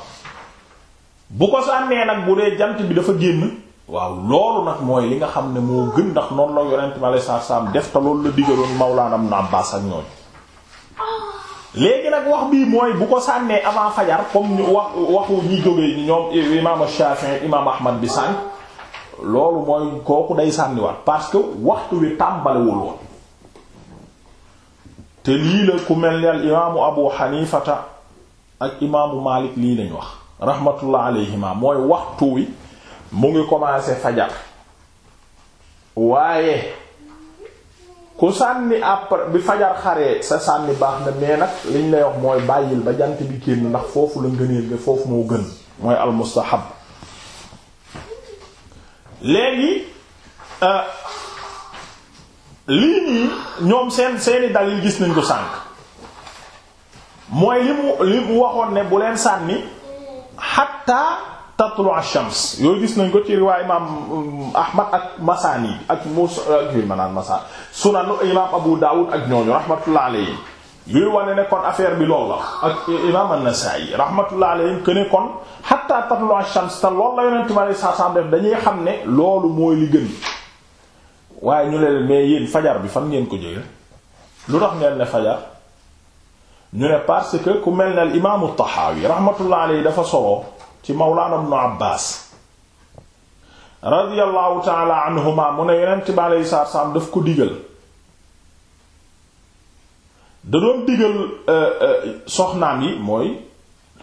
bu ko sànnee nag bu dee jant bi dafa génn waaw loolu nag mooy li nga xam ne moo gën ndax noonu la yonent ma lay saar def te loolu la digaloon Mawlaana Ibn Abbaas ak ñooñ léegi nag wax bii mooy bu ko sànnee avant fajar comme ñu wax waxu ñi jógee ñoom imaam Ahmad bi sànn loolu mooy kooku day sànniwaat parce que waxtu wi tàmbaliwul woon te lii la ku mel ni al imaamu abu xanifata ak imaamu malik lii lañ wax rahmatullah alayhima mooy wax wi mu ngi commencé fajar waaye ku sànni après bi fajar xare sa sànni baax na mais nag liñ lay wax mooy bàyyil ba jant bi génn ndax foofu la ngëneel ga foofu moo gën mooy almustahab léegi euh, lii nii ñoom seen seeni yi gis nañ ko sànk mooy li mu li mu waxoon ne bu leen sànni xatta tatlu ash-shams yooyu gis nañ ko ci riwaay imaam um, Ahmad ak Masani ak Musa euh, ak yooyu ma naan Masani sunanu imaam Abu Dawud ak ñooñu rahmatullah alayhi yuy wane ne kon affaire bi loolu la ak imaam an-Nasa'i rahmatullah alayhi que ne kon hatta tatlu ash-shams te loolu la yonent bi sallallahu alayhi dañuy xam ne loolu mooy li gën. waaye ñu leen mais yéen fajar bi fan ngeen ko jóge lu tax ngeen ne fajar ñu ne parce ku mel ne al imaamu Taxaawi rahmatullah alayhi dafa solo ci mawlaana ibnu Abbaas radiyallahu taala anhuma mu ne yonent bi alayhi ko digal da doon digal euh, euh,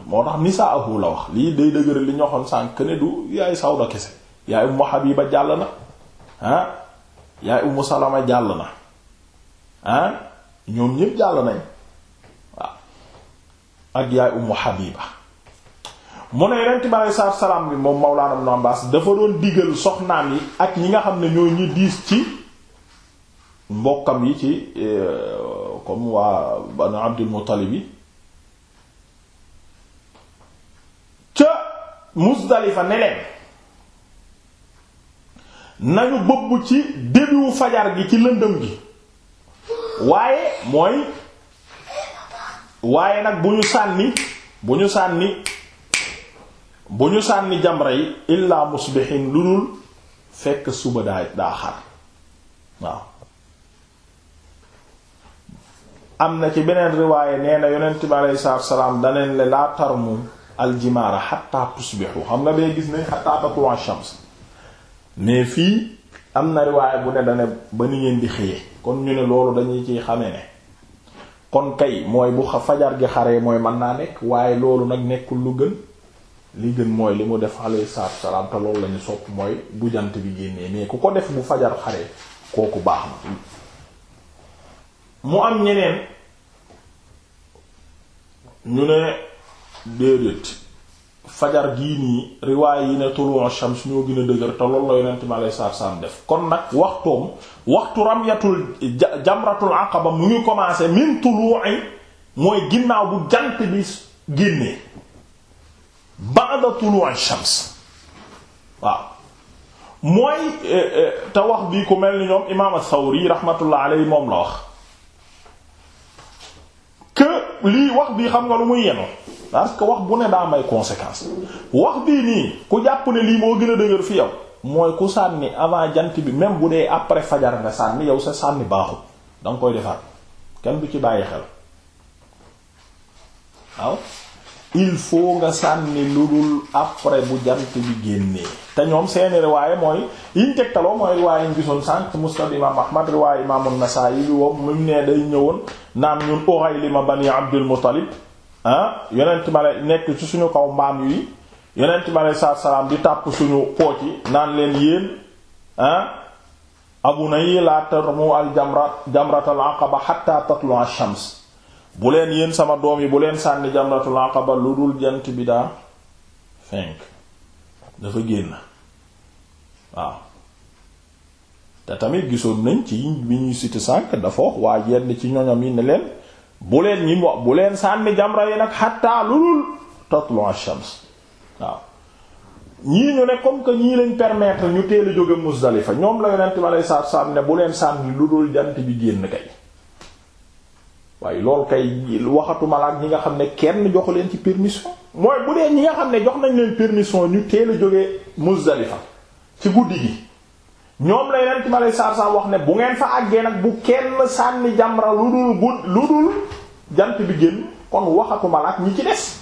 moo tax nisaahu la wax lii day dëgëral li ñoxoon Sawda kese yaay Ummu Habiba jàll na ah. yaay Ummu Salama jàll na ah ñoom ñépp jàll nañ waaw ak yaay Ummu Habiba mu ne Yonent bi aleyhi salaam bi moom Mawlaana Ibn Abbaas dafa doon digal soxnaam yi ak ñi nga xam ne ñoo ñi diis ci mbokkam yi ci eh, comme waa Banu Abdul Muttalib yi ca Muzdalifa ne nañu bëbb ci débutu fajar gi ci lëndëm gi waaye mooy waaye nag bu ñu sànni bu ñu sànni bu jamra yi illaa musbihin lu dul fekk suba daa daa xar waaw am na ci beneen riwaaye nee na yonent bi aleyhi salaatu salaam daneen le laa tarmu aljimaara xatta tusbixu xam nga bee gis ne xatta tatlu'a shams mais fii am na riwaay bu ne dane ba ni ngeen di xëyee kon ñu ne loolu dañuy ci xamee ne kon kay mooy bu fajar gi xaree mooy mën naa nekk waaye loolu nag nekkul lu gën li gën mooy li mu def alayhi saat salaam te loolu lañu sopp mooy bu jant bi génnee mais ku ko def bu fajar xare kooku baax na mu am ñeneen ñu ne déedéet fajar gii nii riwaay yi ne tulu shams ñoo gën a dëgër te loolu la yonent mi alayhi salaatu salaam def kon nag waxtoom waxtu ramyatul jamratul aqaba mu ngi commencé min tulu'i mooy ginnaaw bu jant bi génnee ba'da tulu'i shams waaw mooy eh, eh, te wax bi ku mel ni ñoom imaam as-Sawri rahmatullah alayhi moom la wax que lii wax bii xam nga lu muy yeno parce que wax bu ne daa may conséquence wax bii nii ku jàpp ne lii moo gën a dëgër fi yow mooy ku sànni avant jant bi même bu dee après fajar nga sànni yow sa sànni baaxul da nga koy defaat kenn du ci bàyyi xel waaw il faut nga sànni lu dul après bu jant bi génnee te ñoom seeni riwaaye mooy yiñ tegtaloo mooy riwaaye ñu gisoon sànq musnad imaam ahmad riwaaye imaam an-Nasaa'i bi woowu mu ne day ñëwoon naan ñun ughayl ma bani abdul muttalib ah yonent ma lay nekk ci suñu kaw mbaam yi yonent ma lay saa salaam di tàpp suñu pooc yi naan leen yéen ah abu na yi laa tarmu al jamra jamratul aqaba hatta tatlu ash bu leen yéen sama doom yi bu leen sànni jamratul aqaba lu dul jant bi daa fenk dafa génn waaw te tamit gisoon nañ ci bi ñuy cité sànq dafa wax waa yenn ci ñoñam yi ne leen bu leen ñi mu bu leen sànni jamra yi nag xatta lulul tatlu ash-shams waaw ñii ñu ne comme que ñii lañ permettre ñu teel a jóge Muzdalifa ñoom la yonent ma lay saat sànni bu leen sànni lu dul jant bi génn kay waaye loolu kay waxatuma la ak ñi nga xam ne kenn joxu leen ci permission mooy bu dee ñi nga xam ne jox nañ leen permission ñu teel a jóge Muzdalifa ci guddi gi ñoom la yeneen ma lay saar wax ne bu ngeen fa àggee nag bu kenn sànni jamra lu dul bu lu dul jant bi gën kon waxatuma la ak ñi ci des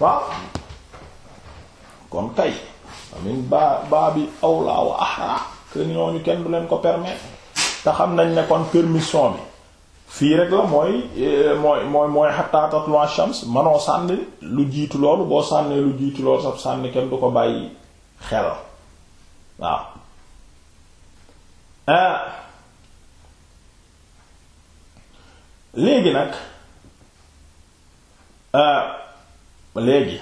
waaw kon kay amin baa baa bi awla wa ahra que ñooñu kenn du leen ko permettre te xam nañ ne kon permission bi fii rek la mooy eh, mooy mooy mooy hatta tatlu shams manoo sànni lu jiitu loolu boo sànnee lu jiitu loolu sax sànni kenn du ko bàyyi xel waaw Ah. léegi nag ah, léegi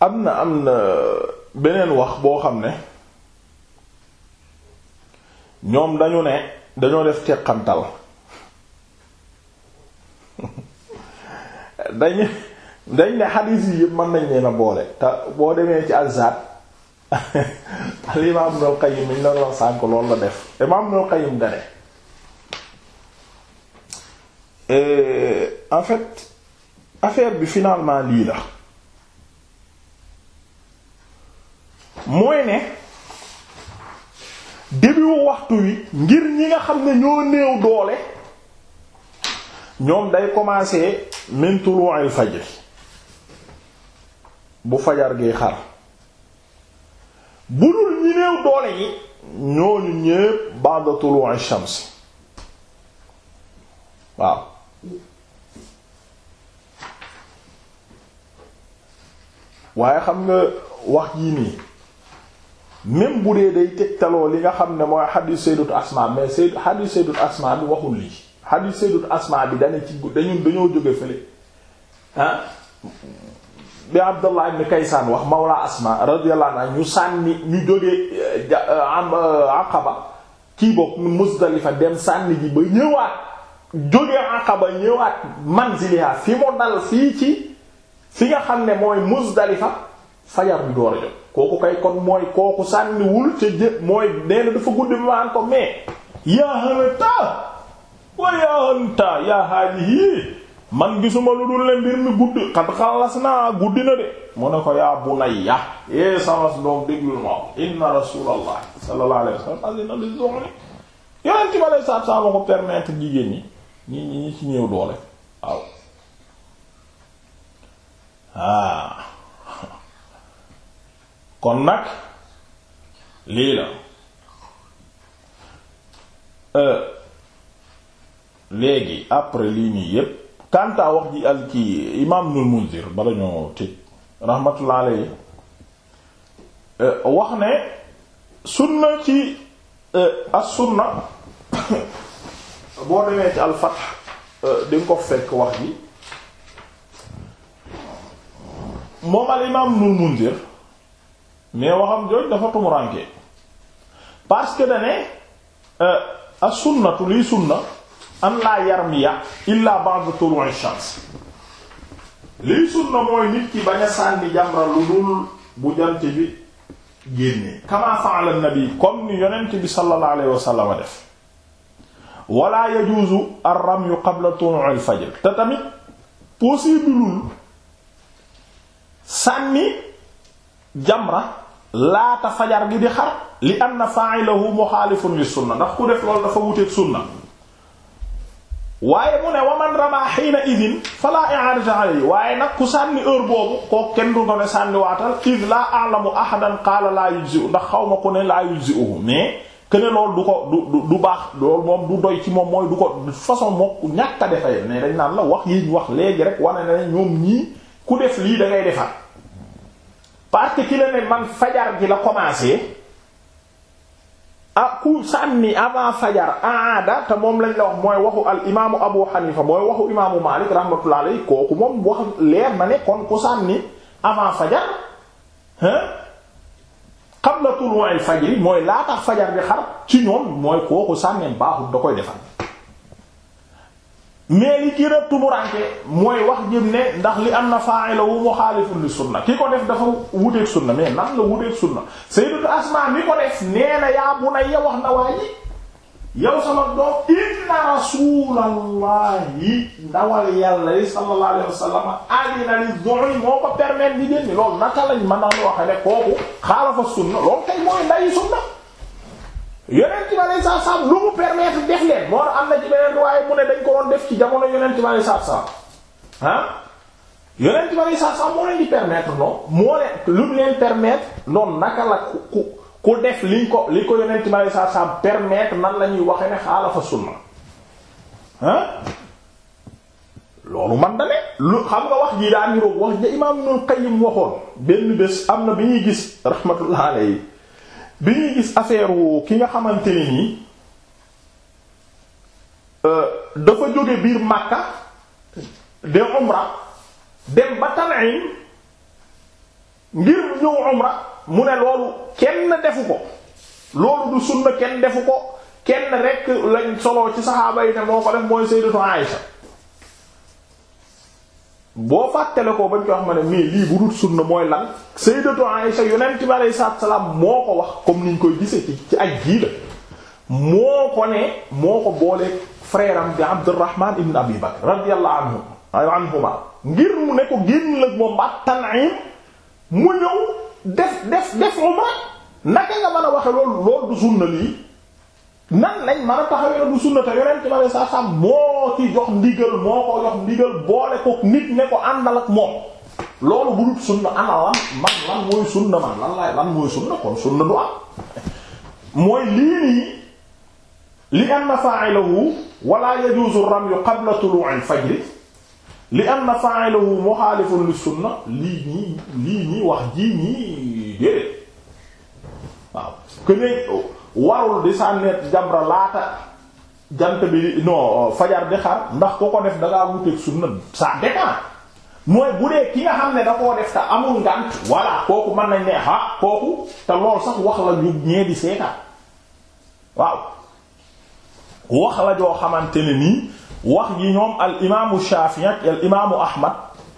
am na am na beneen wax boo xam ne ñoom dañu ne dañoo def ceqantal dañ dañ ne xadiis yi yëpp mën nañ leen a boole te boo demee ci alzaat al imaam Ibnul Qayyim ñu la wax sànk loolu la def imaam Ibnul Qayyim da ne euh, en fait affaire bi finalement lii la mooy ne début waxtu wi ngir ñi nga xam ne ñoo néew doole ñoom day commencer min tulu'il fajr bu fajar gi xar bu dul ñi néew doole yi ñooñu ñépp ba'da tulu'i shams waaw waaye xam nga wax yii nii même bu dee day tegtaloo li nga xam ne mooy xadiis sayyidatu asma mais sayyid xadiis sayyidatu asma bi waxul lii xadiis sayyidatu asma bi dane ci dañu dañoo jóge fële ah? bi Abdallah ibn Kaysaan wax Mawla Asma radiyallahu anha ñu sànni ñu jógee eh, eh, eh, Aqaba kii bokk Muzdalifa dem sànni ji ba ñëwaat jógee Aqaba ñëwaat manziliha fi mu dal fii ci fi nga xam ne mooy Muzdalifa fajar bi door a jot kooku kay kon mooy kooku sànniwul ca jë mooy nee dafa guddi maan ko mais yaa hanta wa yaa hanta yaa haadihi man gisuma lu dul ne mbir mi guddi xat xalas naa guddi na de mu ne ko yaa bunayya ee eh, samas doom déglul ma inna rasulallah sallallahu alayhi wasallam azina li zuhri yonenti ba lay saab saaba ko permettre jigéen ñi ñi ñi ñi ci ñëw doole waaw ah kon nag lii la euh, léegi après lii nii yépp kanta wax ji al kii imaam nul munzir bala ñoo tëj rahmatullah eh, wax ne sunna ci eh, as sunna boo demee ci al fath eh, di nga ko fekk wax ji moom al imaam nul munzir mais waxam jooj dafa tumuranke parce que dane as liy sunna am laa yarmiya illa ba'da tulu'i shams liy sunna mooy nit ki bañ a sànni jamra lu dul bu jant bi génnee kama fa'ala an-nabi comme ni yonent bi sallallahu wa sallam def wala yajuzu ar-ramyu tamit possible sànni jamra laata fajar gi di xar li anna fa'ilahu muxaalifun lis sunna ndax ku def loolu dafa wuteek sunna waaye mu ne waman rama xiina idin fala i'adata yi waaye nag ku sànni heure boobu koo kenn du ko ne sànni waatal id la a'lamu ahadan qaala la yujzi'u ndax xaw ma ku ne la yujzi'uhu mais que ne loolu du ko du du baax loolu moom du doy ci moom mooy du ko façon mook ñàkk a defee mais dañ naan la wax yi ñu wax léegi rek wane na ñoom ñii ku def lii dangay defar parce que ki la ne man fajar gi la commencé ah ku sànni avant fajar aada te moom lañ la wax mooy waxu al imaamu Abu Hanifa mooy waxu imaamu Malik rahmatullah alayhi kooku moom wax leer na ne kon ku sànni avant fajar hein qabla tulu'il fajr mooy laata fajar bi xar ci ñoom mooy kooku sànni baaxul da koy defal mais li gën a tumuranke mooy wax jëm ne ndax li am na fa'ila wu muxaalifun li sunna ki ko def dafa wuteeg sunna mais nan la wuteeg sunna sayyidatu Asma mi ko def nee na yaa bunayya wax na waa ji yow sama doom inna rasulallahi ndawal yàlla li sallallahu alayhi wa sallam adina li du'i moo ko permettre di génn loolu naka lañ mën naa waxee ne kooku xaalafa sunna loolu tey mooy ndayi sunna yonent bi alayhi salaatu salaam lu mu permettre def leen moo am na ci beneen waaye mu ne dañ ko doon def ci jamono yonent bi alayhi salaatu salaam ah yonent bi alayhi salaatu salaam moo leen di permettre non moo leen lu mu leen permettre noonu naka la ku ku ku def liñ ko li ko yonent bi alayhi salaatu salaam permettre nan la ñuy waxe ne xaalafa sunna ah loolu man dane lu xam nga wax jii daa niroog wax ja imaam Ibnul Qayyim waxoon benn bés am na bi ñuy gis rahmatullah alayhi bi ñuy gis affaire ki nga xamante ne nii euh, dafa jóge biir Makka de umra dem ba Tan'im ngir ñëw umra mu ne loolu kenn defu ko loolu du sunna kenn defu ko kenn rekk lañ soloo ci saxaaba yi ne moo ko def mooy Sayyidatu Aïsha boo fàttale ko bañ ko wax ma ne mais lii bu dul sunna mooy lan sayyidatu Aisha yonent bi alayhi salaatu salaam moo ko wax comme ni ñu koy gisee ci ci aj jii la moo ko ne moo ko boolee frère am bi Abdurrahman ibn Abi Bakr radiyallahu anhu anhuma ngir mu ne ko génn lëg moom ba Tan'im mu ñëw def def def umra naka nga mën a waxe loolu loolu du sunna lii nan lañ mën a taxawee du sunnata yonent ma ne sax moo ci jox ndigal moo ko jox ndigal boole ko nit ne ko àndal ak moom loolu bu dul sunna ana lan man lan mooy sunna man lan laay lan mooy sunna kon sunna du am mooy lii nii lii nii wax jii nii déedéet waaw warul di sànneet jamra laata jant bi non fajar di xar ndax ko ko def da ngaa wuteeg sunna ça dépend mooy bu dee ki nga xam ne da koo def te amul ngànt voilà kooku mën nañ ne ah kooku te lool sax wax la ñu ñee di seetaan waaw wax la xamante ne nii wax yi ñoom al imaamu Shafi'i ak al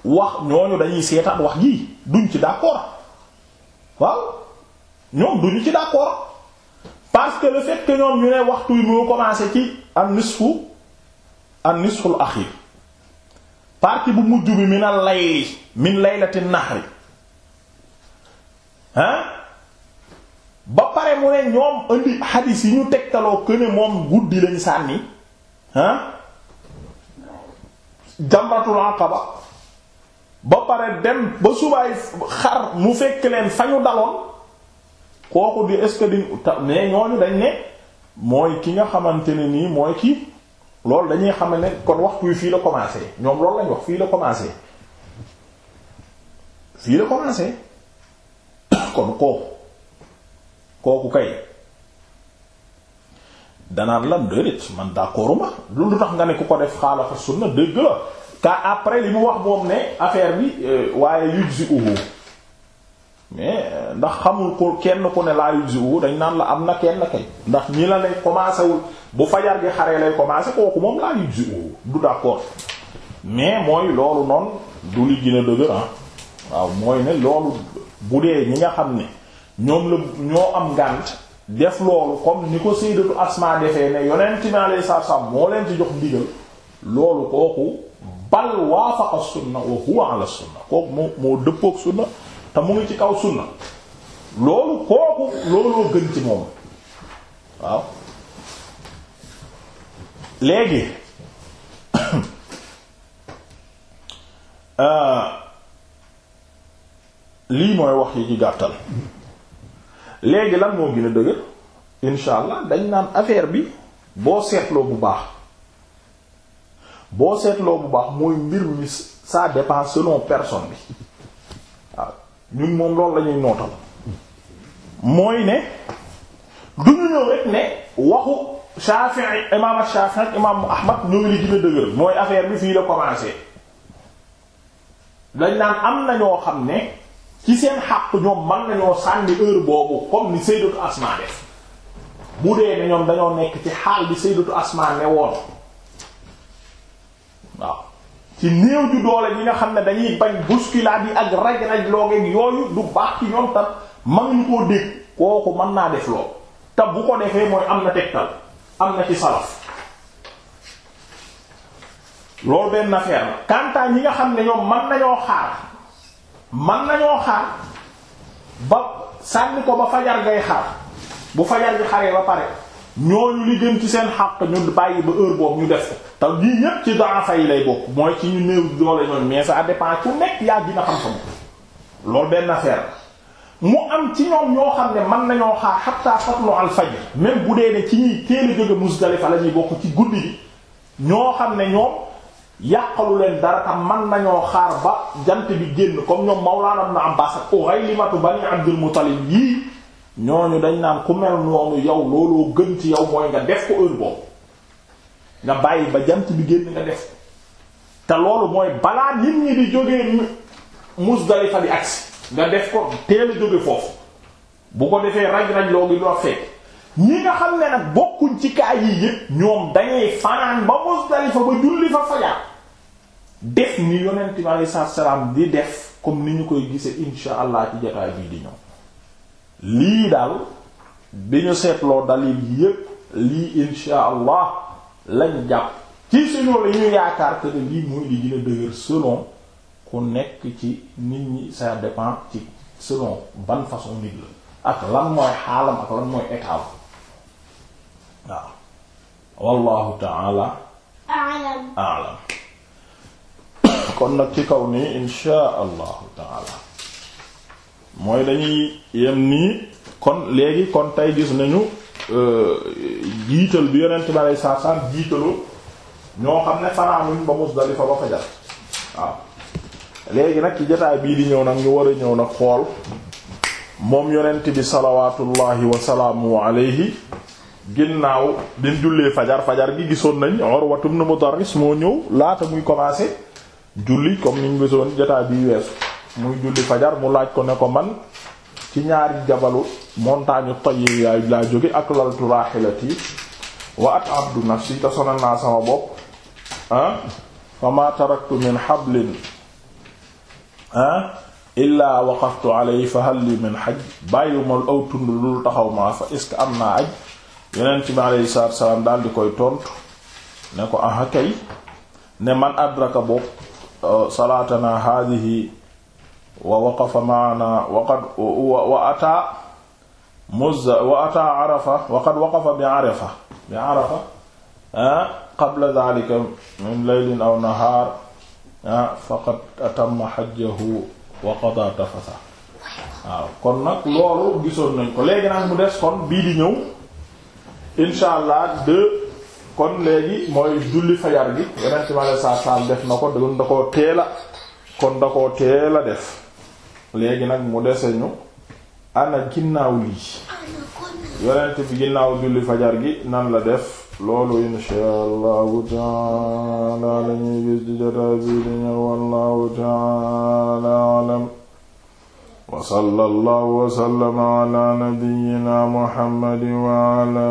wax ñooñu dañuy seetaan wax jii duñ ci d'accord waaw ñoom duñu ci d'accord parce que le fait que ñoom ñu ne waxtu yi moo commencé ci an nisfu an nisful axir partie bu mujj bi min al lay min laylati nahri hein ba pare mu ne ñoom indi xadiis yi ñu tegtaloo que ne moom guddi lañ sànni hein jamratul aqaba ba pare dem ba subaay xar mu fekk leen fa ñu daloon kooku di est-ce que di ne ñooñu dañ ne mooy ki nga xamante ne nii mooy ki loolu dañuy xam kon waxtu wi fii la commencé ñoom loolu lañ wax fii la commencé fii la commencé kon kooku kooku kay danaan lan déedéet man d'accordu ma lu tax nga ne ku ko def xaalafa sunna dëgg la ka après li mu wax moom ne affaire bi euh, waaye yuj si uhu mais ndax xamul ko kenn ku ne laa yujziwu dañ naan la am na kenn kay ndax ñi la lay commencé wul bu fajar gi xaree lay commencé kooku moom laa yujziwu du d'accord mais mooy loolu noonu du li gën a dëgër ah waaw mooy ne loolu bu dee ñi nga xam ni ñoom la ñoo am ngànt def loolu comme ni ko sayyidatu Asma defee ne yonent mi alayhi salaam moo leen ci jox ndigal loolu kooku bal waafaqa sunna wa huwa ala sunna kooku moo moo dëppook sunna te mu ngi ci kaw sunna loolu kooku looloo gën ci moom waaw léegi euh, lii mooy wax yi ci gàttal léegi lan moo gën a dëgër insha allah dañ naan affaire bi boo seetloo bu baax boo seetloo bu baax mooy mbir mi sa dépend selon personne bi ñun moom loolu la ñuy nootal mooy ne duñu ñëw rek ne waxu Shafi'i imaam Shafi'i ak Ahmad ñooy li gën dëgër mooy affaire bi fii la commencé dañ naan am na ñoo xam ne ci seen xaq ñoom man nañoo sànni heure boobu comme ni Sayyidatu Asma def bu dee ne ñoom dañoo nekk ci xaal bi Sayyidatu Asma ne woon waaw ci néew ju doole ñi nga xam ne dañuy bañ bousculade yi ak raj raj loogeeg yooyu du baax ci ñoom tam mag ñu koo dégg kooku mën naa def lool te bu ko defee mooy am na tegtal am na ci salaf loolu benn affaire la kantaa ñi nga xam ne ñoom man nañoo xaar man nañoo xaar ba sànni ko ba fajar ngay xaar bu fajar gi xaree ba pare ñooñu li gën ci seen xaq ñu bàyyi ba heure boobu ñu def ko te lii yépp ci daafa yi lay bokk mooy ci ñu néew doole ñoom mais ça dépend ku nekk yaa dina xam sa loolu benn affaire mu am ci ñoom ñoo xam ne mën nañoo xaar hatta fatlu al fajr même bu dee ne ci ñuy teel a jóge Muzdalifa la ñuy bokk ci guddi gi ñoo xam ne ñoom yàqalu leen dara tam man nañoo xaar ba jant bi génn comme ñoom Mawlana Ibn Abbas ak Ughaylimatu Bani Abdul Muttalib yii ñooñu dañ naan ku mel noonu yow looloo gën ci yow mooy nga def ko heure boobu nga bàyyi ba jant bi génn nga def ko te loolu mooy balaa nit ñi di jógee Muzdalifa di agsi nga def ko teel a jóge foofu bu ko defee raj-raj loo gi loo fekk ñi nga xam ne nag bokkuñ ci kaa yi yépp ñoom dañuy fanaan ba Muzdalifa ba julli fa fajar def ni yonent bi alayhi salaam di def comme ni ñu koy gisee insha allah ci bii di ñëw lii daal bi ñu seetloo dalil yépp lii insha allah lañ jàpp ci suñu li ñu yaakaar que ne lii mooy li gën dëgër selon ku nekk ci nit ñi ça dépend ci selon ban façon nit la ak lan mooy xaalam ak lan mooy état waaw wallahu taala a'lam kon nag ci kaw nii insha allahu taala mooy dañuy yem nii kon léegi kon tey gis nañu euh, jiital bi yonent bi alei saatu salaam jiitalu ñoo xam ne fanaanuñ ba Musdalifa ba fajar waaw léegi nag ci jotaay bii di ñëw nag ñu war a ñëw nag xool moom yonent bi salawatullahi wasalaamu alayhi ginnaaw din jullee fajar fajar gi gisoon nañ Urwatu ibn Mudarris moo ñëw laata muy commencé julli comme niñ gisoon jotaay bii weesu muy julli fajar mu laaj ko ne ko man ci ñaari jabalu montagne Tayyib yaay laa jóge ak laltu raahilati wa at abdu nafsi te sonal naa sama bopp ah fa ma taraktu min hablin ah waqaftu alayhi fa hal li min haj bàyyiwumal aw tund lul taxaw ma fa est-ce que am naa aj yonent bi alayhi salaatu salaam daal di koy tontu ne ko ah ne man adraka bopp uh, salaatana haadihi wa waqafa maana waqad wa ataa muzza wa ataa arafa waqad waqafa bi arafa bi arafa qabla dhalika min laylin aw nahaar faqad atamma hajjahu wa qada tafasa waaw kon nag loolu gisoon nañ ko léegi nag mu des kon bii di ñëw insha allah de kon léegi mooy julli fajar gi yeneen ci ma saa saal def na ko da da koo teela kon da koo teela def léegi nag mu dese ñu ana ginnaaw lii yonent bi ginnaaw julli fajar gi nan la def loolu insha allahu taala lañuy gis di jotaay bi alam wa sallallahu wa sallama ala nabiyyina muhammadin wa ala